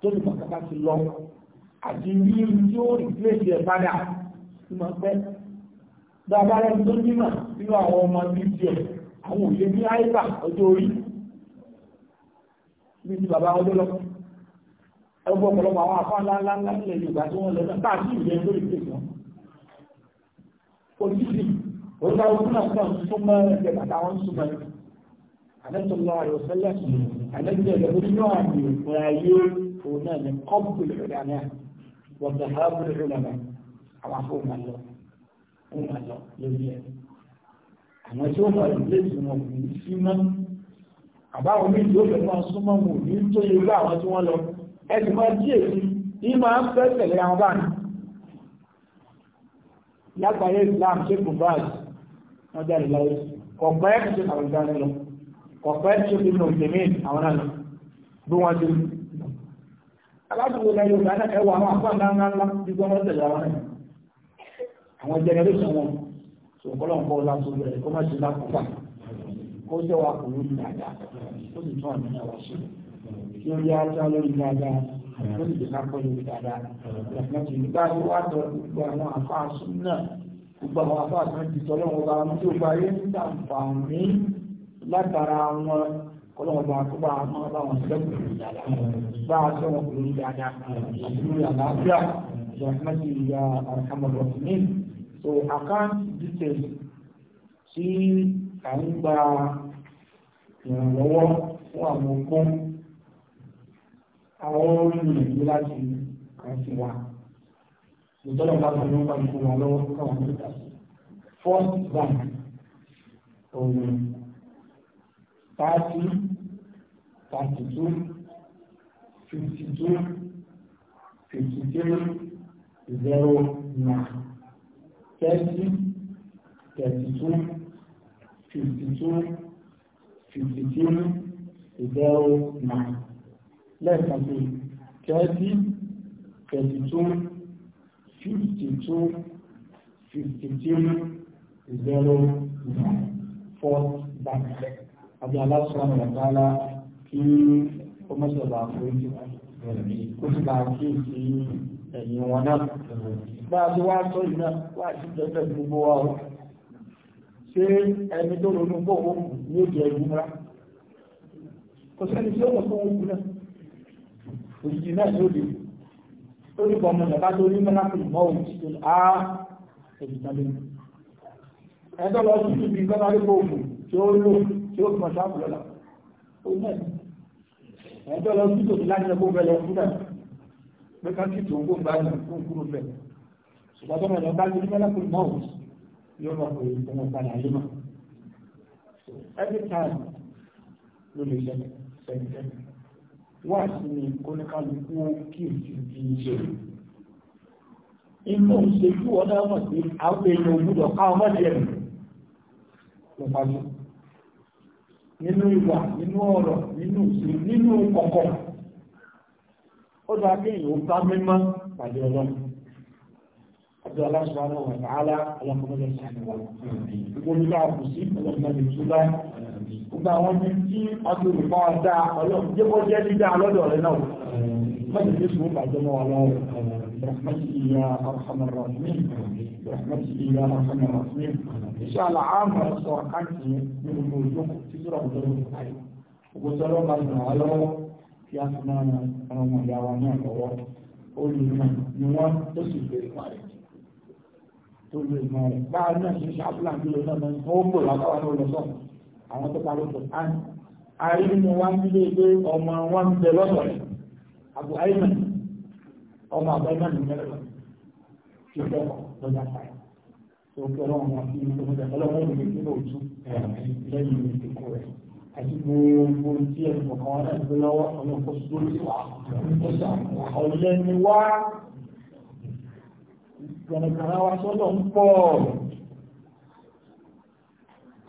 tó ní pàtàkì ti lọ àti rí ibi tí ó rí pléṣì ẹ̀ padà tí máa pẹ́ dáadáa rẹ̀ tó nímọ̀ nínú àwọn ọmọ ní tiẹ̀ àwọn òye ní àìsà ọjọ́ orí ní ti bàbá ọjọ́ lọ ẹgbẹ́ ọ̀pọ̀lọpọ̀ àwọn afá ńláńlá ńlá ilẹ̀ Yorùbá tí wọ́n lọ náà tá àti ìyẹn lórí pléṣì wọn òjijì òjò àwọn ọdún náà tó máa ń jẹ bàtà wọn súnmọ́ ẹ̀ àdẹ́sọ̀lọ́ àyọ̀sẹ́lẹ̀ àdẹ́sọ̀lẹ̀ nínú àmì òpin ayé òun náà ní kọ́pù ìrìnàmì wọ̀gbẹ̀ hábù ìrìnàmì àwọn afọ́ máa lọ wọ́n máa lọ lórí ẹ̀ àwọn tí ó máa lè léèsì wọn kò ní sí mọ́ àbáwọn méjì ó fẹ́ máa súnmọ́ mọ́ ní tó yẹ àwọn tí wọ́n lọ ẹ̀sìn máa díẹ̀ sí ní máa ń fẹ́ tẹ̀lé àwọn báyìí lágbàáyé Islam ṣe kò báyìí wọ́n kọ̀pẹ́ tí ó nínú ìsinmi àwọn náà bí wọ́n ti aládùúgbò náà yóò dáná ẹwà àwọn àpá ńlá ńlá ńlá bí wọ́n wọ́n tẹ̀lé àwọn náà àwọn jẹnẹrẹ́sọ̀ wọn tó kọ́lọ̀ ń kọ́ lásán rẹ̀ kó má ṣe lákòókà kó jẹ́ wa kò ní dáadáa ó sì tún àmì náà wá sí kí ó yá ajá lórí dáadáa ó sì dènà pọ̀ lórí dáadáa ìyàtọ̀ ti gbá wá tọ gbogbo àwọn àfáà sún náà gbogbo àwọn àfáà sún ti tọ́lọ́wọ́ bá wọn tí ó parí ń tàǹfààní látara wọn kọlọ́wọ́n bá tó bá wọn bá wọn sẹ́kù bá a sọ wọn kúrò ní dáadáa àti lórí àlàáfíà ìyàmẹ́sì ìyá àkàmọ̀lọ́ ní so account details tí à ń gba ìrànlọ́wọ́ fún àwọn ogún àwọn olùrìnàjò láti kàn sí wa ìjọba bá tó ló ń bá ìfowópamọ́ lọ́wọ́ káwọn mẹ́ta first bank thirty thirty two fifty two fifty three zero nine thirty thirty two fifty two fifty three zero nine Let's sí thirty thirty two fifty two fifty three zero nine fourth bank àbí aláṣọ́nà ìyàtàlá kí ó mọ́sọ̀lá àforíjì kó sì bá kí sí ẹ̀yìn wọn náà bá a ti wá sọ ìlú náà wá sí tẹ́tẹ́ gbogbo o ṣé ẹni tó ronú pọ̀ ó yóò jẹ ìlú rá kò sẹ́ni tí ó mọ̀ fún òkú náà òjijì náà ló dé lórí bọ̀mọ̀ nàbá tó rí mọ́nà fún ìmọ̀ òjijì tó á ẹ̀jì tàbí ẹ̀dọ́ lọ sí ibi ìgbọ́nà àdúgbò òkú tí ó lò tí ó láti ẹgbó bẹ̀rẹ̀ ẹ̀kú náà pé ká sì tòun ń bá ní kó ń ṣùgbọ́n tó mọ̀ bá ní mẹ́lẹ́kùn náà yóò mọ̀ pé ọmọ padà yé mọ̀ every time ló lè ṣẹlẹ̀ ṣẹlẹ̀ wá sí ni kóníkálukú kí n ti di iṣẹ́ inú ìṣèjú ọ̀dọ́ mọ̀ sí àwọn èèyàn ògbúdọ̀ káwọn mọ̀ lẹ́nu lọ́pàá nínú ìwà nínú ọ̀rọ̀ nínú ìṣe nínú kọ̀kọ̀ ó dá kí èèyàn ó bá mímọ́ pàdé ọlọ́run àti aláṣọ àwọn ọmọ ìtàhálà ọlọ́kùnrin lè ṣàlẹ̀ wà gbogbo nígbà kù sí ọlọ́kùnrin lè tún bá gbogbo àwọn ní tí agbègbè bá wa dá ọlọ́run برحمتك يا أرحم الراحمين برحمتك يا أرحم الراحمين إن شاء الله عام رسوكانك من الموجود تجرى بدون الحي وقصر الله تعالى في أسمانا أنا يا وانا الله قول لنا نوان تصل بالمعرفة تصل بالمعرفة بعد ما شعب الله بيقول لنا هم ولا قالوا ولا صح àwọn tó parí Qur'an àìrí mu wá ń lé ilé ọmọ wọn ń bẹ lọ́sọ̀rẹ̀ ọmọ àgbà iná nìyẹn lọ tí ó dẹ́kọ̀ lọ́jà sáyà tó kí ọlọ́run wọn fi ìlú ọjà ọlọ́run ìlú ìlú náà tú lẹ́yìn ìdíkù rẹ̀ àti gbogbo tí ẹni kọ̀ọ̀kan wọn láti gbé lọ́wọ́ ọlọ́run kó sódó sí wa ọ̀lẹ́ni wá gbọ̀nàgbọ̀nà wa sọ́dọ̀ ń pọ̀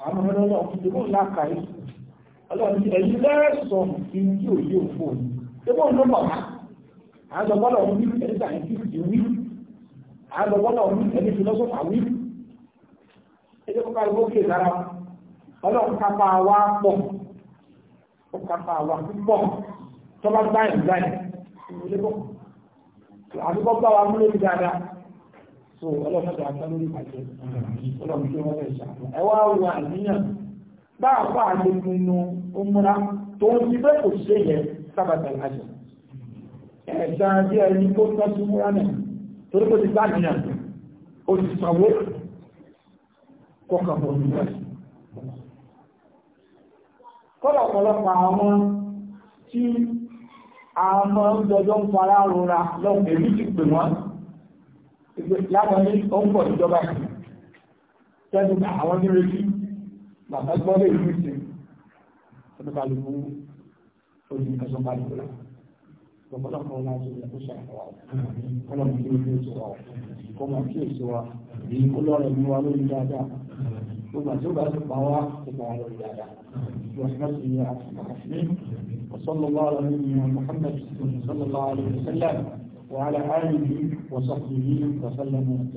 àwọn ọmọdé ọlọ́run ti dìbò ńlá kàí ọlọ́run ti ẹ̀yìn lẹ́sọ̀ọ́ fi ń yóò yóò fò ní débò ń lọ́ bàbá àádọ́gbọ́lọ̀ wí ẹni sàìntìfìtì wí àádọ́gbọ́lọ̀ wí ẹni fìlọ́sọ́fà wí ẹjẹ́ kọ́kọ́ dára ọlọ́run pọ̀ ó tó bá gbá wa dáadáa so ọlọ́run lórí ọlọ́run wọ́n ṣàkóso ẹ wá wo àníyàn bá àpá inú ó múra tó ń bẹ́ẹ̀ kò ṣe yẹ sábàtà ẹ̀dá bí ẹni tó tọ́ sí múránà torí kò ti gbá nìyàn ó ti sanwó kọkàn bọ̀ nígbà kọ́lọ̀ ọ̀pọ̀lọpọ̀ àwọn tí àwọn ọjọ́jọ́ ń fara rọra lọ́pẹ̀ èyí ti pè wọ́n láwọn ní ó ń pọ̀ ìjọba tẹ́lú àwọn nírètí bàbá gbọ́lẹ̀ ìlú ìsìn ọdún kálukú ojú ìkẹsàn kálukú láti lọ́pọ̀lọpọ̀ láti ilẹ̀ tó ṣàkọwà kọ́lọ̀mù tí ó ń tó wà kọ́mọ tí ó sì wà èyí kó lọ́rọ̀ ní wa lórí dáadáa gbogbo àti ọgbà tó pa wá tó pa wá lórí dáadáa ìwọ̀síwọ̀sí ni a ti máa fi وصلى الله على نبينا محمد صلى الله عليه وسلم وعلى آله وصحبه وسلم